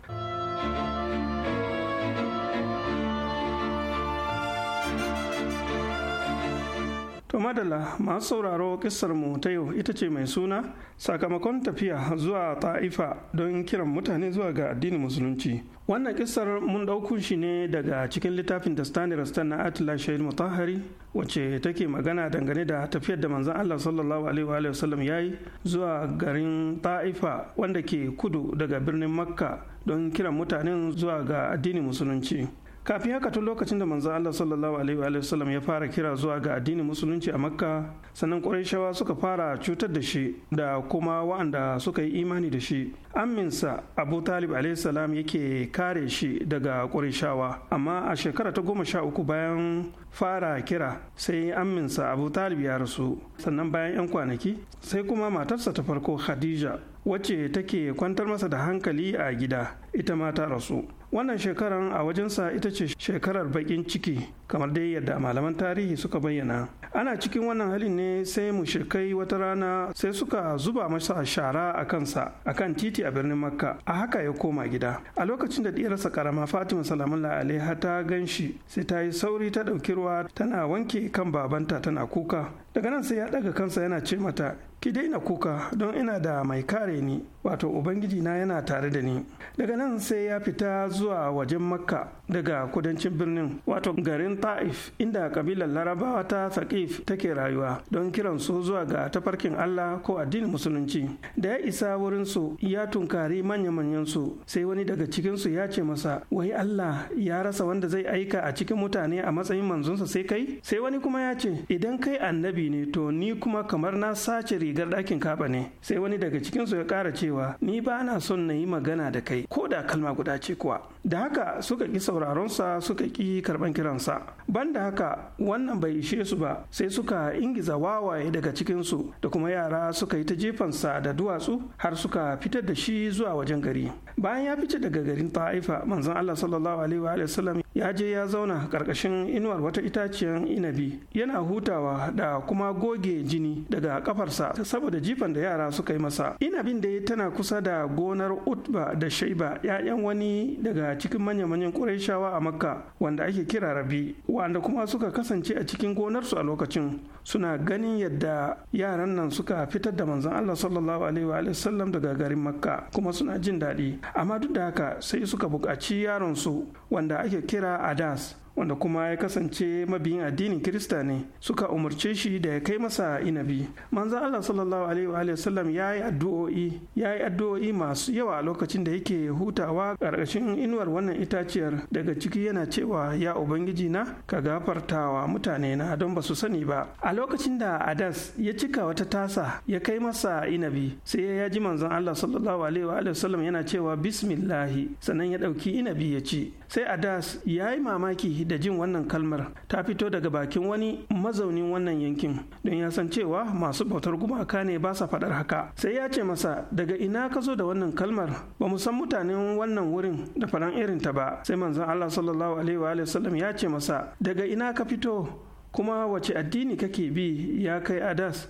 To madala masu sauraro kisar mu ta yau ita ce mai suna sakamakon tafiya zuwa ta'ifa don kiran mutane zuwa ga addinin musulunci. Wannan kisar mun ɗauku shi ne daga cikin littafin Dastani Rastan na Atila Shahid Mutahari wacce take magana dangane da tafiyar da manzon Allah sallallahu alaihi wa sallam yayi zuwa garin ta'ifa wanda ke kudu daga birnin Makka don kiran mutanen zuwa ga addinin musulunci. kafin haka tun lokacin da manzo Allah sallallahu alaihi wa sallam ya fara kira zuwa ga addinin musulunci a makka sannan Qurayshawa suka fara cutar da shi da kuma wa'anda suka yi imani da shi aminsa abu talib alaihi salam yake kare shi daga Qurayshawa amma a shekara ta goma sha uku bayan fara kira sai aminsa abu talib ya rasu sannan bayan 'yan kwanaki sai kuma matarsa ta farko khadija wacce take kwantar masa da hankali a gida ita ma ta rasu wannan shekarar a wajensa ita ce shekarar bakin ciki kamar dai yadda malaman tarihi suka bayyana ana cikin wannan halin ne sai mu shirkai wata rana sai suka zuba masa shara a kansa a kan titi a birnin makka a haka ya koma gida a lokacin da ɗiyarsa karama fatima salamun alaiha ta gan shi sai ta yi sauri ta ɗauki ruwa tana wanke kan babanta tana kuka daga nan sai ya daga kansa yana ce mata ki daina kuka don ina da mai kare ni wato ubangiji na yana tare da ni daga nan sai ya fita zuwa wajen makka daga kudancin birnin wato garin ta'if inda kabilar larabawa ta thaqif take rayuwa don kiran su zuwa ga tafarkin allah ko addinin musulunci da ya isa wurin su ya tunkari manya-manyan su sai wani daga cikin su ya ce masa wai allah ya rasa wanda zai aika a cikin mutane a matsayin manzonsa sai kai sai wani kuma ya ce idan kai annabi ne to ni kuma kamar na sace rigar ɗakin kaba ne sai wani daga cikin su ya ƙara cewa ni ba na son na yi magana da kai ko da kalma guda ce kuwa da haka suka ƙi sauraronsa suka ƙi karɓan kiransa banda haka wannan bai ishe su ba sai suka ingiza wawaye daga cikinsu da kuma yara suka yi ta jefansa da duwatsu har suka fitar da shi zuwa wajen gari bayan ya fice daga garin ta'ifa manzon allah sallallahu alaihi wa sallam ya je ya zauna Ƙarƙashin inuwar wata itaciyar inabi yana hutawa da kuma goge jini daga kafarsa saboda jifan da yara suka yi masa inabin dai tana kusa da gonar utba da shaiba 'ya'yan wani daga cikin manya-manyan ƙuraisha Qurayshawa a Makka wanda ake kira Rabi wanda kuma suka kasance a cikin gonarsu a lokacin suna ganin yadda yaran nan suka fitar da manzon Allah sallallahu alaihi wa sallam daga garin Makka kuma suna jin daɗi amma duk da haka sai suka buƙaci yaron su wanda ake kira Adas wanda kuma ya kasance mabiyin addinin Kirista ne suka umarce shi da ya kai masa inabi manzon Allah sallallahu alaihi wa sallam ya yi addu'o'i ya yi addu'o'i masu yawa a lokacin da yake hutawa ƙarƙashin inuwar wannan itaciyar daga ciki yana cewa ya ubangiji na ka gafartawa mutane na don ba su sani ba a lokacin da Adas ya cika wata tasa ya kai masa inabi sai ya ji manzon Allah sallallahu alaihi wa sallam yana cewa bismillahi sannan ya ɗauki inabi ya ci sai Adas ya yi mamaki da jin wannan kalmar ta fito daga bakin wani mazaunin wannan yankin don ya san cewa masu bautar gumaka ne ba sa faɗar haka sai ya ce masa daga ina ka zo da wannan kalmar ba mu san mutanen wannan wurin da faɗan irin ta ba sai manzon Allah sallallahu alaihi wa sallam ya ce masa daga ina ka fito kuma wace addini kake bi ya kai adas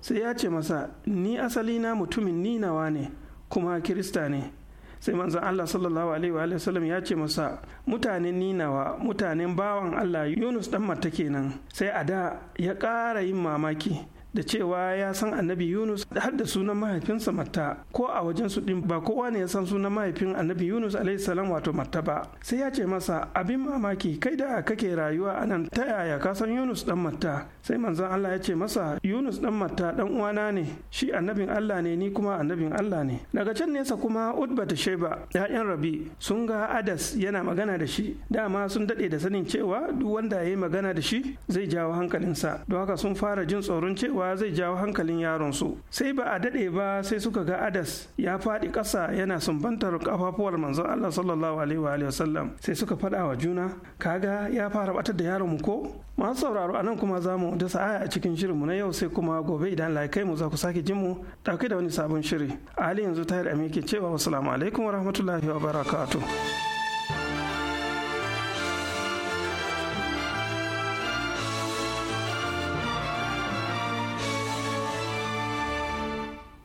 sai ya ce masa ni asalina na mutumin ninawa ne kuma kirista ne sai manzon Allah sallallahu alaihi wa sallam ya ce masa mutanen ninawa mutanen bawan Allah Yunus dan mata kenan sai a da ya ƙara yin mamaki da cewa ya san annabi yunus har da sunan mahaifinsa matta ko a wajen su ba kowa ne ya san sunan mahaifin annabi yunus alaihi salam wato matta ba sai ya ce masa abin mamaki kai da kake rayuwa anan ta yaya ka san yunus dan matta sai manzon allah ya ce masa yunus dan matta dan uwana ne shi annabin allah ne ni kuma annabin allah ne daga can nesa kuma utba ta sheba ya'yan rabi sun ga adas yana magana da shi dama sun dade da sanin cewa duk wanda ya yi magana da shi zai jawo hankalinsa don haka sun fara jin tsoron cewa cewa zai jawo hankalin yaron su sai ba a dade ba sai suka ga adas ya faɗi ƙasa yana sumbantar kafafuwar manzon Allah sallallahu alaihi wa wasallam sai suka faɗawa wa juna kaga ya fara batar da yaron mu ko masu sauraro anan kuma za mu dasa aya a cikin shirin mu na yau sai kuma gobe idan kai mu za ku sake jin mu dauke da wani sabon shiri a halin yanzu tayar ke cewa assalamu alaikum wa rahmatullahi wa barakatuh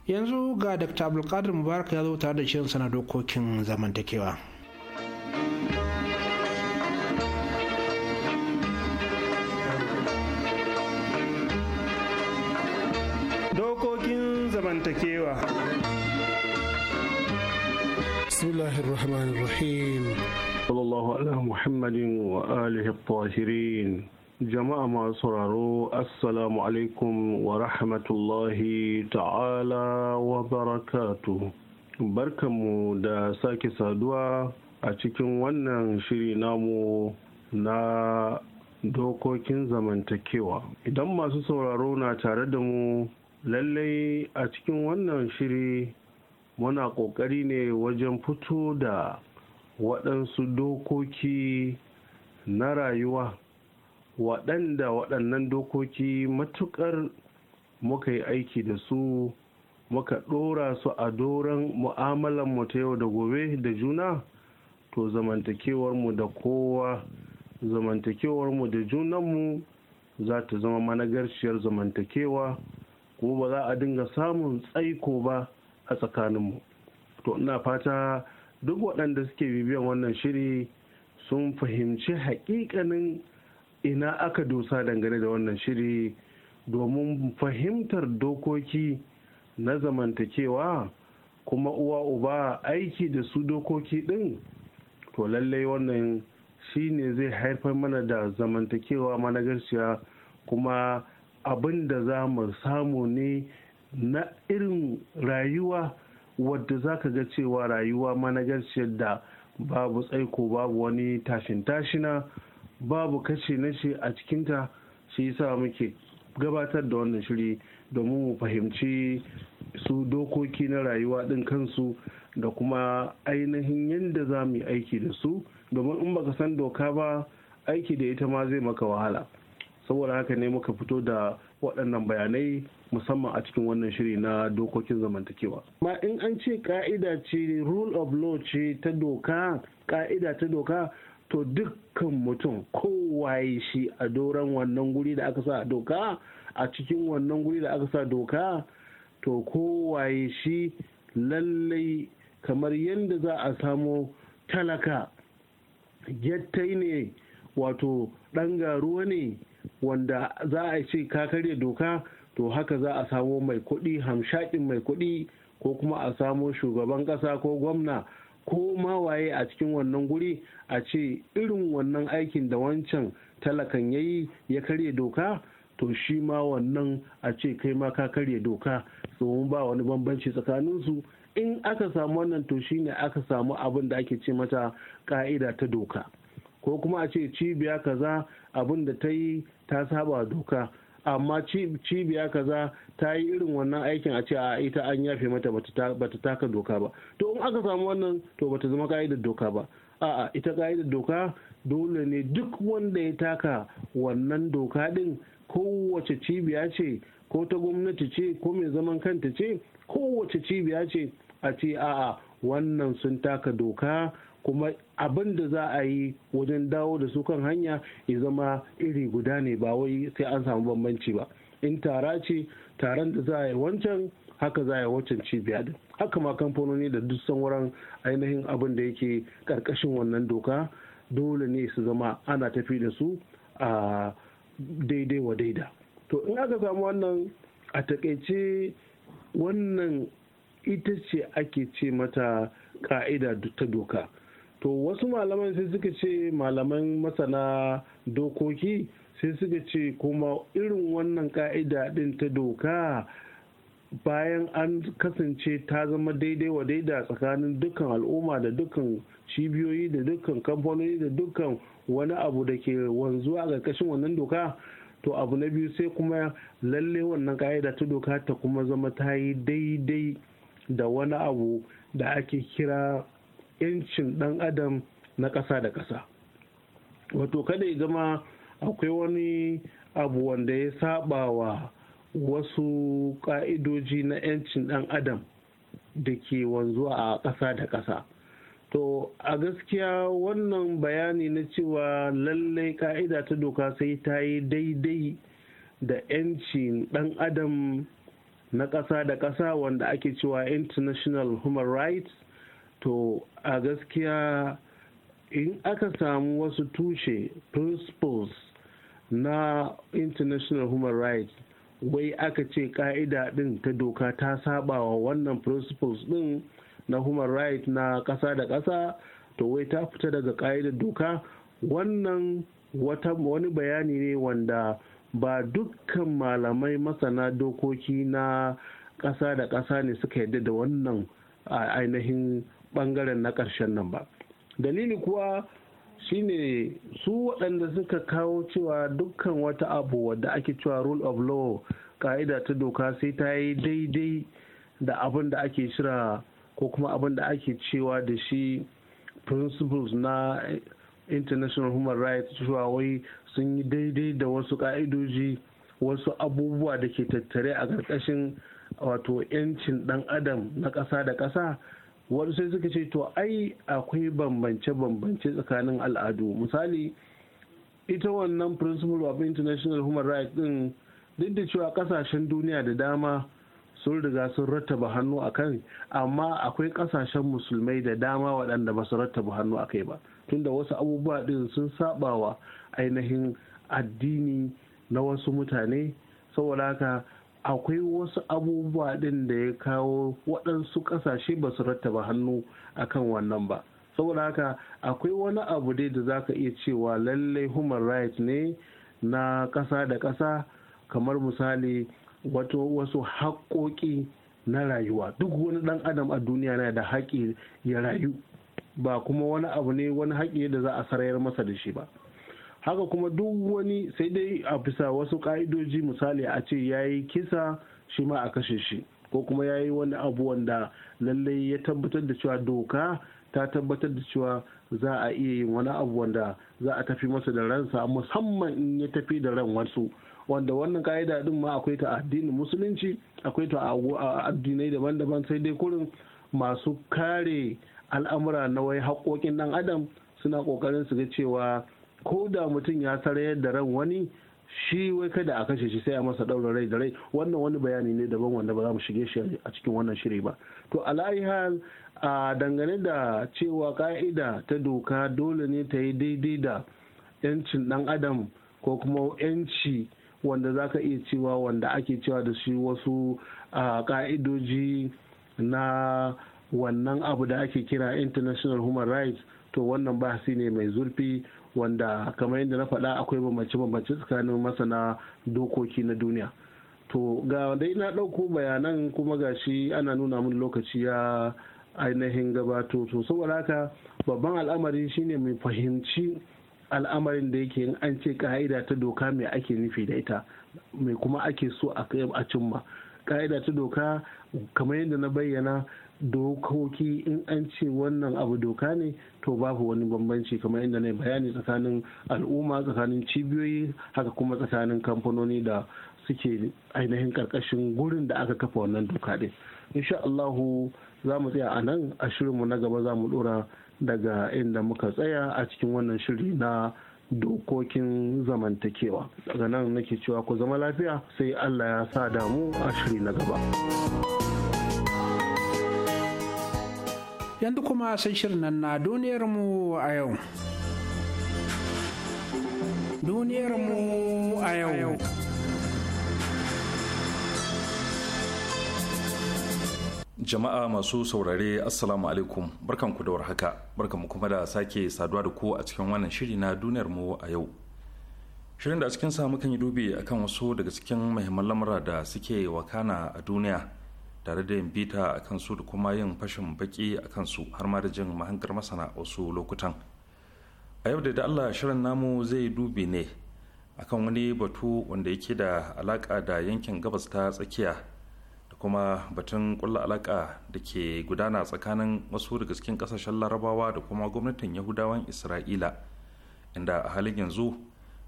yanzu ga dr abdulkadir mubarak ya zo tare da shirin sana dokokin zamantakewa dokokin zamantakewa bismillahirrahmanirrahim sallallahu ala muhammadin wa alihi tahirin jama'a masu sauraro assalamu alaikum wa rahmatullahi ta'ala wa barakatu barkanmu da sake saduwa a cikin wannan shiri namu na dokokin zamantakewa idan masu sauraro na tare da mu lallai a cikin wannan shiri muna ƙoƙari ne wajen fito da waɗansu dokoki na rayuwa waɗanda waɗannan dokoki matuƙar muka yi aiki da su muka ɗora su a doron mu ta yau da gobe da juna to zamantakewar mu da kowa zamantakewar mu da junanmu za ta zama managarciyar zamantakewa ko ba za a dinga samun tsaiko ba a tsakaninmu to ina fata duk waɗanda suke bibiyan wannan shiri sun fahimci haƙiƙanin ina aka dosa dangane da wannan shiri domin fahimtar dokoki na zamantakewa kuma uwa uba aiki da su dokoki ɗin to lallai wannan shi ne zai haifar mana da zamantakewa managarciya kuma abin da za mu samu ne na irin rayuwa wadda za ka ga cewa rayuwa managarciyar da babu tsaiko babu wani tashin tashina babu na shi a cikinta shi yasa muke gabatar da wannan shiri domin mu fahimci su dokoki na rayuwa ɗin kansu da kuma ainihin yadda za mu yi aiki da su domin in baka san doka ba aiki da ita ma zai maka wahala saboda haka ne muka fito da waɗannan bayanai musamman a cikin wannan shiri na dokokin zamantakewa. Ma in an ce ka'ida ce rule of law ce ta doka ka'ida ta doka to dukkan mutum kowaye shi a doron wannan guri da aka sa doka a cikin wannan guri da aka sa doka to kowaye shi lallai kamar yadda za a samo talaka gattai ne wato ɗan garuwa ne wanda za a ce ka karya doka to haka za a samo mai kuɗi hamshakin mai kuɗi ko kuma a samo shugaban ƙasa ko gwamna ko ma waye a cikin wannan guri a ce irin wannan aikin da wancan talakan ya yi ya karya doka to shi ma wannan a ce kai ma ka karya doka domin ba wani bambanci tsakaninsu in aka samu wannan to shi ne aka samu abin da ake ce mata ka'ida ta doka ko kuma a ce cibiya kaza abin da ta yi ta saba doka amma cibiya kaza ta yi irin wannan aikin a ce a ita an yafe mata bata taka doka ba to in aka samu wannan to bata zama ka'idar doka ba a'a ita ka'idar doka dole ne duk wanda ya taka wannan doka din kowace cibiya ce ko ta gwamnati ce ko mai zaman kanta ce kowace cibiya ce a ce a'a wannan sun taka doka kuma abin da za a yi wajen dawo da su kan hanya ya zama iri guda ne ba wai sai an samu bambanci ba in tara ce taron da za a yi wancan haka za a yi wancan cibiya din haka ma kamfanoni da duk sauran ainihin abin da yake karkashin wannan doka dole ne su zama ana tafi da su a daidai wa daida to in aka samu wannan a takaice wannan ita ce ake ce mata ka'ida ta doka to wasu malaman sai suka ce malaman masana dokoki sai suka ce kuma irin wannan ka'ida din ta doka bayan an kasance ta zama daidai wa daida tsakanin dukkan al'umma da dukkan cibiyoyi da dukkan kamfanoni da dukkan wani abu da ke wanzu a ƙarƙashin wannan doka to abu na biyu sai kuma lalle wannan ka'ida ta doka ta kuma zama ta yi daidai da wani abu da ake kira 'yancin ɗan adam na ƙasa da ƙasa wato kada ya zama akwai wani abu wanda ya saba wa wasu ƙa'idoji na 'yancin ɗan adam da ke wanzuwa a ƙasa da ƙasa to a gaskiya wannan bayani na cewa lallai ka'ida ta doka sai ta yi daidai da 'yancin ɗan adam na ƙasa da ƙasa wanda ake cewa international human rights to a gaskiya in aka samu wasu tushe principles na international human rights wai aka ce ka'ida din ta doka ta saba wa wannan principles din na human rights na ƙasa da ƙasa to wai ta fita daga ka'idar doka wannan wata wani bayani ne wanda ba dukkan malamai masana dokoki na ƙasa da ƙasa ne suka yadda da wannan ainihin bangaren na ƙarshen nan ba dalili kuwa shine su waɗanda suka kawo cewa dukkan wata abu wadda ake cewa rule of law ƙa'ida ta doka sai ta yi daidai da abin da ake shira ko kuma abin da ake cewa da shi principles na international human rights cewa sun yi daidai da wasu ka'idoji wasu abubuwa da ke tattare a ƙarƙashin wato 'yancin ɗan adam na ƙasa da ƙasa wani sai suka ce to ai akwai bambance-bambance tsakanin al'adu misali ita wannan principal of international human rights din duk da cewa kasashen duniya da dama sun riga sun rattaba hannu a kan amma akwai kasashen musulmai da dama waɗanda ba su rattaba hannu a kai ba tunda wasu abubuwa din sun sabawa ainihin addini na wasu mutane saboda haka akwai wasu abubuwa ɗin da ya kawo waɗansu ƙasashe ba su rattaba hannu a kan wannan ba saboda haka akwai wani abu dai da za ka iya cewa lallai human rights ne na ƙasa da ƙasa kamar misali wato wasu haƙoƙi na rayuwa duk wani ɗan adam a duniya na da haƙƙi ya rayu ba kuma wani abu ne wani haƙƙi da za a sarayar masa da shi ba haka kuma duk wani sai dai a bisa wasu ka'idoji misali a ce ya yi kisa shi ma a kashe shi ko kuma ya yi wani abu wanda lallai ya tabbatar da cewa doka ta tabbatar da cewa za a iya yin wani abu wanda za a tafi masa da ransa musamman in ya tafi da ran wasu wanda wannan ka'ida din ma akwai ta addinin musulunci akwai ta addinai daban-daban sai dai kurin masu kare al'amura na wai haƙoƙin ɗan adam suna ƙoƙarin su ga cewa ko da mutum ya sarayar da ran wani shi wai kada a kashe shi sai a masa daura rai da rai wannan wani bayani ne daban wanda ba za mu shige shi a cikin wannan shiri ba to hal a dangane da cewa ka'ida ta doka dole ne ta yi daidai da 'yancin ɗan adam ko kuma 'yanci wanda za ka iya cewa wanda ake cewa da shi wasu ka'idoji na wannan abu da ake kira international human rights to wannan bahasi ne mai zurfi wanda kamar yadda na faɗa akwai bambance-bambance tsakanin masana dokoki na duniya to ga dai na ɗauko bayanan kuma ga shi ana nuna min lokaci ya ainihin gabato to saboda haka babban al'amari shine mai fahimci al'amarin da yake an ce ka'ida ta doka mai ake nufi da ita mai kuma ake so a cimma ka'ida ta doka kamar yadda na bayyana dokoki in an ce wannan abu doka ne to babu wani bambanci kamar inda na bayani tsakanin al'umma tsakanin cibiyoyi haka kuma tsakanin kamfanoni da suke ainihin karkashin gurin da aka kafa wannan doka ɗin insha Allahu za mu tsaya a nan a shirinmu na gaba za mu dora daga inda muka tsaya a cikin wannan shiri na dokokin zamantakewa daga nan nake cewa ku zama lafiya sai Allah ya sa damu a shiri na gaba. yanzu kuma sai shirin nan na duniyarmu a yau duniyarmu a yau jama'a masu saurare assalamu alaikum barkanku da warhaka barkanku kuma da sake saduwa da ku a cikin wannan shiri na duniyarmu a yau shirin da a cikin sa mukan yi dubi akan wasu daga cikin muhimman lamura da suke wakana a duniya tare da yin bita a kansu da kuma yin fashin baki a kansu har ma da jin mahangar masana wasu lokutan a yau da da allah shirin namu zai dubi ne akan wani batu wanda yake da alaka da yankin gabas ta tsakiya da kuma batun kulla alaka da ke gudana tsakanin wasu daga cikin kasashen larabawa da kuma gwamnatin yahudawan isra'ila inda a halin yanzu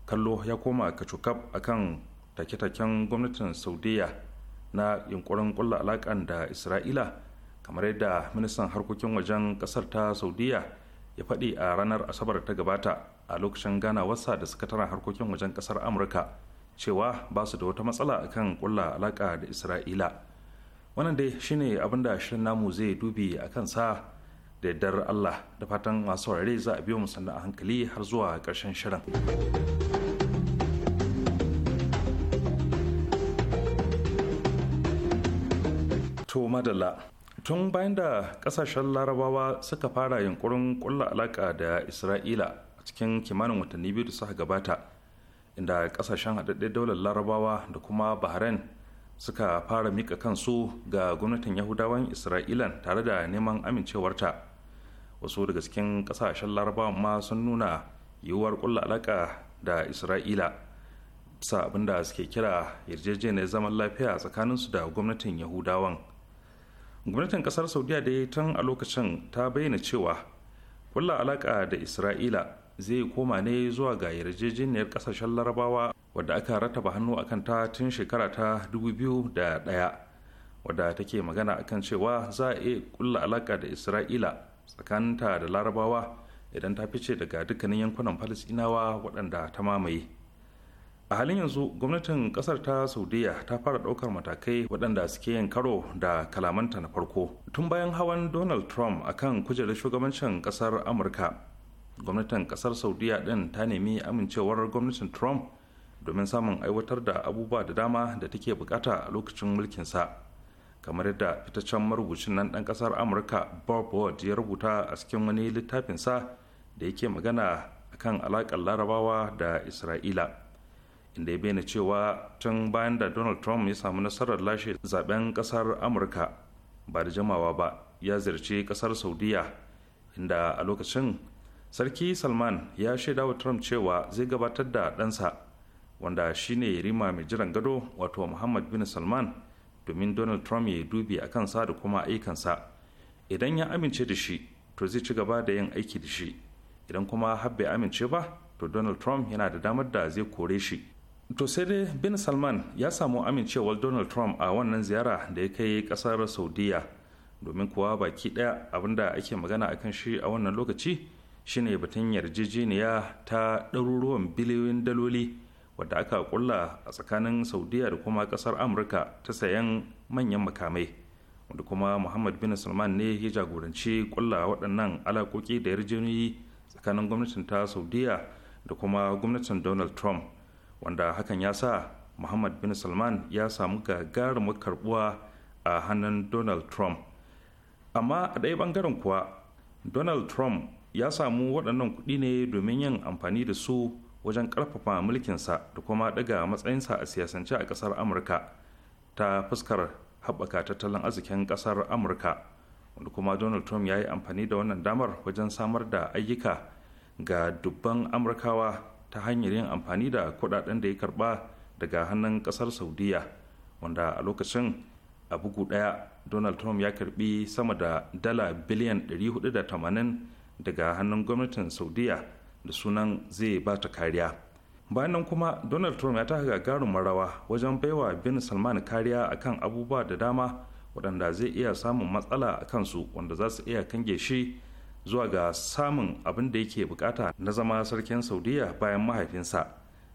kallo ya koma kacukab akan take-taken gwamnatin saudiya na yunkurin kulla alakan da isra'ila kamar yadda ministan harkokin wajen kasar ta saudiya ya faɗi a ranar asabar ta gabata a lokacin gana wasa da sakataren harkokin wajen kasar amurka cewa ba su da wata matsala akan kulla alaka da isra'ila wannan dai shine abin da shirin namu zai dubi a sa da yardar allah da fatan masu za a biyo mu sannan a hankali har zuwa ƙarshen shirin. To madalla tun bayan da kasashen larabawa suka fara yunkurin kulla alaka da isra'ila a cikin kimanin watanni biyu da suka gabata inda kasashen haɗaɗɗen daular larabawa da kuma bahrain suka fara mika kansu ga gwamnatin yahudawan isra'ilan tare da neman amincewarta wasu daga cikin kasashen larabawa ma sun nuna yiwuwar kulla alaka da isra'ila sa da suke kira yarjejeniyar zaman lafiya tsakaninsu da gwamnatin yahudawan gwamnatin kasar saudiya da tun a lokacin ta bayyana cewa kulla alaka da isra'ila zai koma ne zuwa ga yarjejeniyar kasashen larabawa wadda aka rataba hannu a kan ta tun shekara ta da 2001 wadda take magana akan cewa za a iya kulla alaka da isra'ila tsakaninta da larabawa idan ta fice daga dukkanin yankunan falasinawa waɗanda ta mamaye a halin yanzu gwamnatin kasar ta saudiya ta fara daukar matakai waɗanda suke yin karo da kalamanta na farko tun bayan hawan donald trump a kan kujerar shugabancin kasar amurka gwamnatin kasar saudiya din ta nemi amincewar gwamnatin trump domin samun aiwatar da abubuwa da dama da take bukata a lokacin mulkinsa kamar yadda fitaccen marubucin nan ɗan ƙasar amurka bob ward ya rubuta a cikin wani littafinsa da yake magana akan alaƙar larabawa da isra'ila inda ya bayyana cewa tun bayan da donald trump ya samu nasarar lashe zaben kasar amurka ba da jamawa ba ya ziyarci kasar saudiya inda a lokacin sarki salman ya shaida wa trump cewa zai gabatar da ɗansa wanda shine rima mai jiran gado wato muhammad bin salman domin donald trump ya dubi a kansa da kuma aikansa idan ya amince da shi to zai ci gaba da yin aiki da shi idan kuma har bai amince ba to donald trump yana da damar da zai kore shi to sai dai bin salman ya samu amincewar donald trump a wannan ziyara da ya kai kasar saudiya domin kuwa baki daya abinda ake magana akan shi a wannan lokaci shine batun yarjejeniya ta ɗaruruwan biliyoyin daloli wadda aka kulla a tsakanin saudiya da kuma kasar amurka ta sayan manyan makamai wanda kuma muhammad bin salman ne ya jagoranci kulla waɗannan alaƙoƙi da yarjejeniyoyi tsakanin gwamnatin ta saudiya da kuma gwamnatin donald trump wanda hakan ya sa muhammad bin salman ya samu gagarin karbuwa a hannun donald trump amma a ɗaya ɓangaren kuwa donald trump ya samu waɗannan kuɗi ne domin yin amfani da su wajen ƙarfafa mulkinsa da kuma ɗaga matsayinsa a siyasance a ƙasar amurka ta fuskar haɓaka tattalin arzikin ƙasar amurka wanda kuma donald trump ya yi amfani da wannan damar wajen samar da ayyuka ga dubban amurkawa ta hanyar yin amfani da kudaden da ya karba daga hannun kasar saudiya wanda a lokacin a bugu daya donald trump ya karbi sama da dala biliyan 480 daga hannun gwamnatin saudiya da sunan zai ba ta kariya bayan nan kuma donald trump ya taka gagarin marawa wajen baiwa bin salman kariya akan abubuwa da dama waɗanda zai iya samun matsala a kansu wanda za su iya kange shi zuwa ga samun abin da yake bukata na zama sarkin saudiya bayan mahaifinsa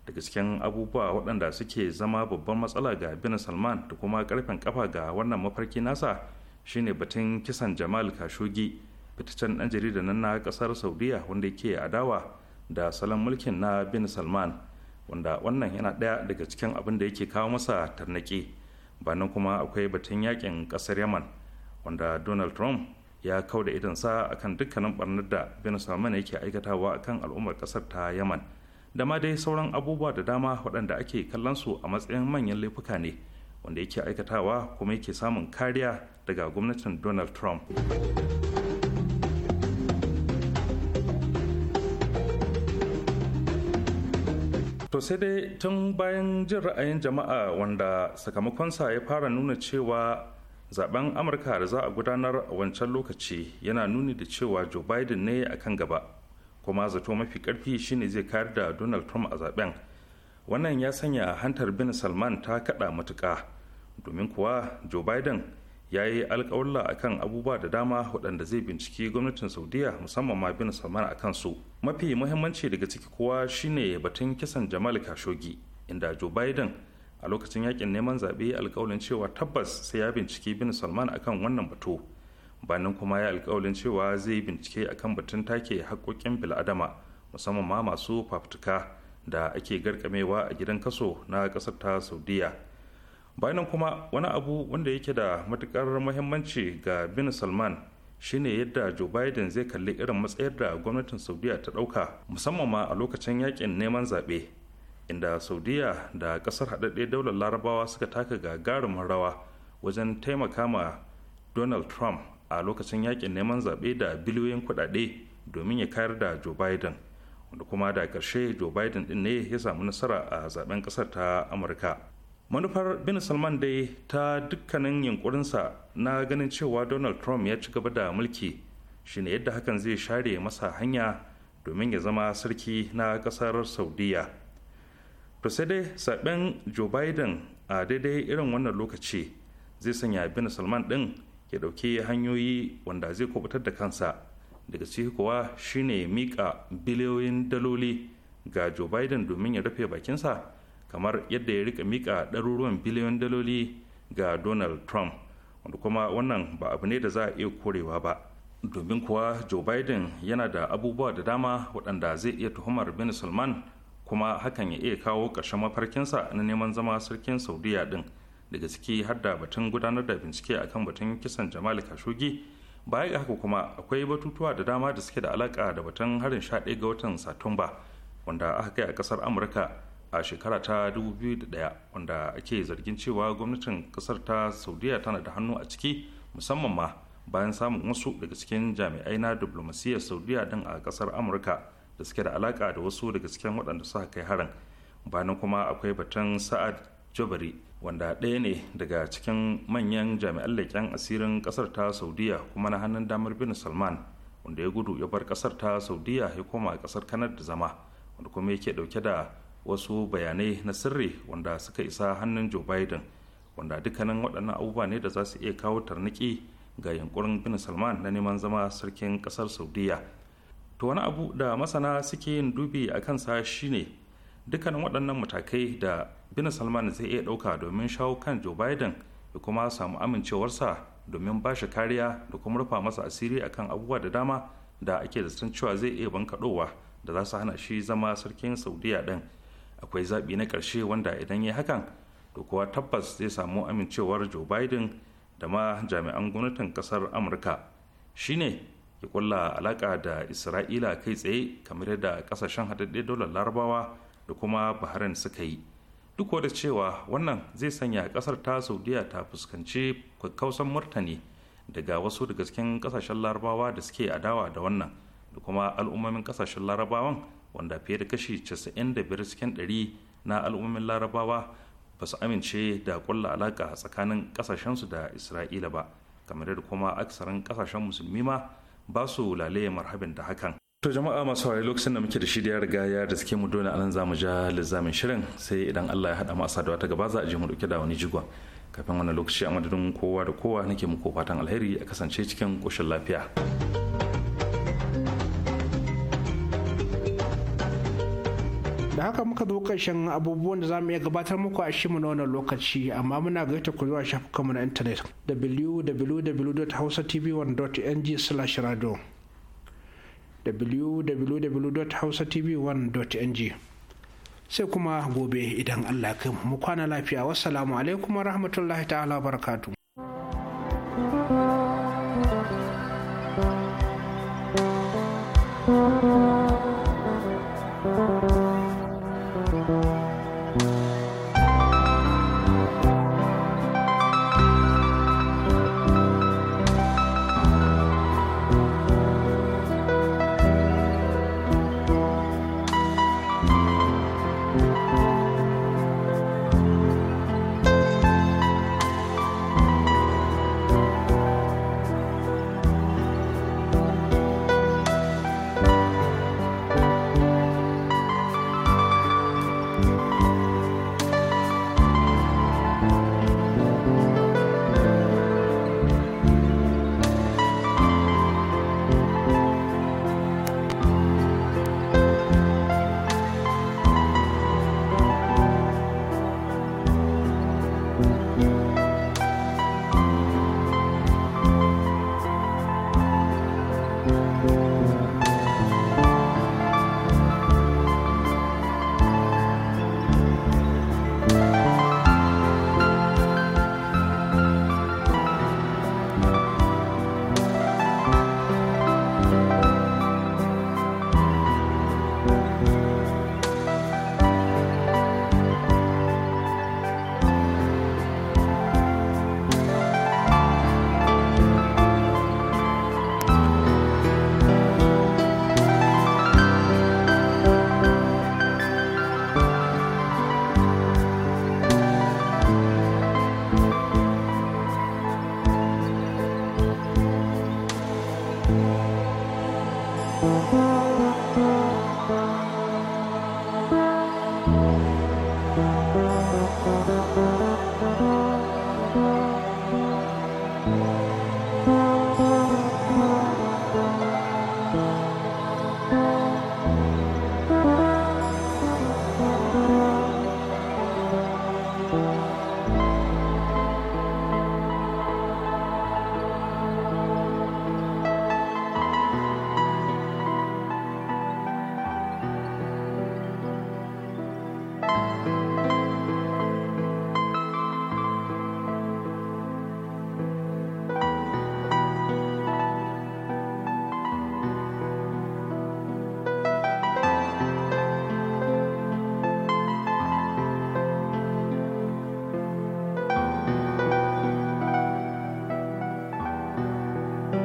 daga cikin abubuwa waɗanda suke zama babban matsala ga bin salman da kuma karfen kafa ga wannan mafarki nasa shine batun kisan jamal kashogi fitaccen ɗan jarida nan na ƙasar saudiya wanda yake adawa da salon mulkin na bin salman wanda wannan yana ɗaya daga cikin abin da yake kawo masa tarnaƙi banan kuma akwai batun yakin ƙasar yaman wanda donald trump ya kau da idansa akan dukkanin barnar da bin salman yake aikatawa a kan al'ummar kasar ta yaman da ma dai sauran abubuwa da dama waɗanda ake kallon su a matsayin manyan laifuka ne wanda yake aikatawa kuma yake samun kariya daga gwamnatin donald trump to sai dai tun bayan jin ra'ayin jama'a wanda sakamakonsa ya fara nuna cewa zaben amurka da za a gudanar a wancan lokaci yana nuni da cewa joe biden ne a kan gaba kuma zato mafi karfi shine zai kayar da donald trump a zaben wannan ya sanya hantar bin salman ta kada matuka domin kuwa joe biden ya yi alkawalla a kan abubuwa da dama waɗanda zai binciki gwamnatin saudiya musamman ma bin salman a kansu mafi muhimmanci daga ciki kuwa shine batun kisan jamal khashoggi inda joe biden a lokacin yakin neman zaɓe alkawalin cewa tabbas sai ya bincike bin salman akan wannan batu bayan kuma ya alkawalin cewa zai yi bincike akan batun take haƙoƙin bil'adama musamman ma masu fafutuka da ake garkamewa a gidan kaso na ƙasar ta saudiya bayan kuma wani abu wanda yake da matuƙar muhimmanci ga bin salman shine yadda joe biden zai kalli irin matsayar da gwamnatin saudiya ta ɗauka musamman ma a lokacin yakin neman zaɓe inda saudiya da kasar haɗaɗɗe daular larabawa suka taka gagarumin rawa wajen taimaka ma donald trump a lokacin yakin neman zaɓe da biliyoyin kuɗaɗe domin ya kayar da joe biden wanda kuma da ƙarshe joe biden ɗin ne ya samu nasara a zaben ƙasar ta amurka manufar bin salman dai ta dukkanin yunkurinsa na ganin cewa donald trump ya ci gaba da mulki shine yadda hakan zai share masa hanya domin ya zama sarki na ƙasar saudiya to sai dai zaben joe biden a daidai irin wannan lokaci zai sanya bin salman din ya dauki hanyoyi wanda zai kubutar da kansa daga ciki kuwa shine mika biliyoyin daloli ga joe biden domin ya rufe bakinsa kamar yadda ya rika mika ɗaruruwan biliyoyin daloli ga donald trump wanda kuma wannan ba abu ne da za a iya korewa ba domin kuwa joe biden yana da abubuwa da dama waɗanda zai iya tuhumar bin salman kuma hakan ya iya kawo ƙarshen mafarkinsa na neman zama sarkin saudiya din daga ciki har da batun gudanar da bincike a kan batun kisan jamal kashogi baya ga haka kuma akwai batutuwa da dama da suke da alaka da batun harin 11 ga watan satumba wanda aka kai a kasar amurka a shekara ta 2001 wanda ake zargin cewa gwamnatin kasar ta saudiya tana da hannu a ciki musamman ma bayan samun wasu daga cikin jami'ai na diplomasiyyar saudiya din a kasar amurka da suke da alaka da wasu daga cikin waɗanda suka kai harin bayan kuma akwai batun sa'ad jabari wanda ɗaya ne daga cikin manyan jami'an leƙen asirin ƙasar ta saudiya kuma na hannun damar bin salman wanda ya gudu ya bar ƙasar ta saudiya ya koma ƙasar kanar da zama wanda kuma yake ɗauke da wasu bayanai na sirri wanda suka isa hannun joe biden wanda dukkanin waɗannan abubuwa ne da za su iya kawo tarniki ga yunkurin bin salman na neman zama sarkin ƙasar saudiya to wani abu da masana suke yin dubi a kansa shine dukkanin waɗannan matakai da bina salman zai iya ɗauka domin shawo kan joe biden da kuma samu amincewarsa domin ba shi kariya da kuma rufa masa asiri a kan abubuwa da dama da ake zaton cewa zai iya bankaɗowa da za su hana shi zama sarkin saudiya ɗin akwai zaɓi na ƙarshe wanda idan ya hakan to kuwa tabbas zai samu amincewar joe biden da ma jami'an gwamnatin ƙasar amurka shine ya kulla alaka da isra'ila kai tsaye kamar yadda kasashen haɗaɗɗe dolar larabawa da kuma bahrain suka yi duk da cewa wannan zai sanya ƙasar ta saudiya ta fuskanci kakkausan murtani daga wasu daga cikin kasashen larabawa da suke adawa da wannan da kuma al'ummomin kasashen larabawan wanda fiye da kashi 95 cikin 100 na al'ummomin larabawa ba su amince da kulla alaka tsakanin kasashensu da isra'ila ba kamar da kuma aksarin ƙasashen musulmi ma ba su lalaye marhabin da hakan to jama'a masu hawaye lokacin da muke da shi da ya riga ya da suke mu dole anan zamu ja lizamin shirin sai idan Allah ya hada mu asadawa ta gaba za a je mu dauke da wani jigon kafin wannan lokaci a madadin kowa da kowa nake muku fatan alheri a kasance cikin koshin lafiya. da haka muka zo karshen abubuwan da za mu iya gabatar muku a shimu na wannan lokaci amma muna gaita ku zuwa mu na intanet www.hausatv1.ng slash radio www.hausatv1.ng sai kuma gobe idan Allah kai mu kwana lafiya wassalamu alaikum wa rahmatullahi ta'ala barakatu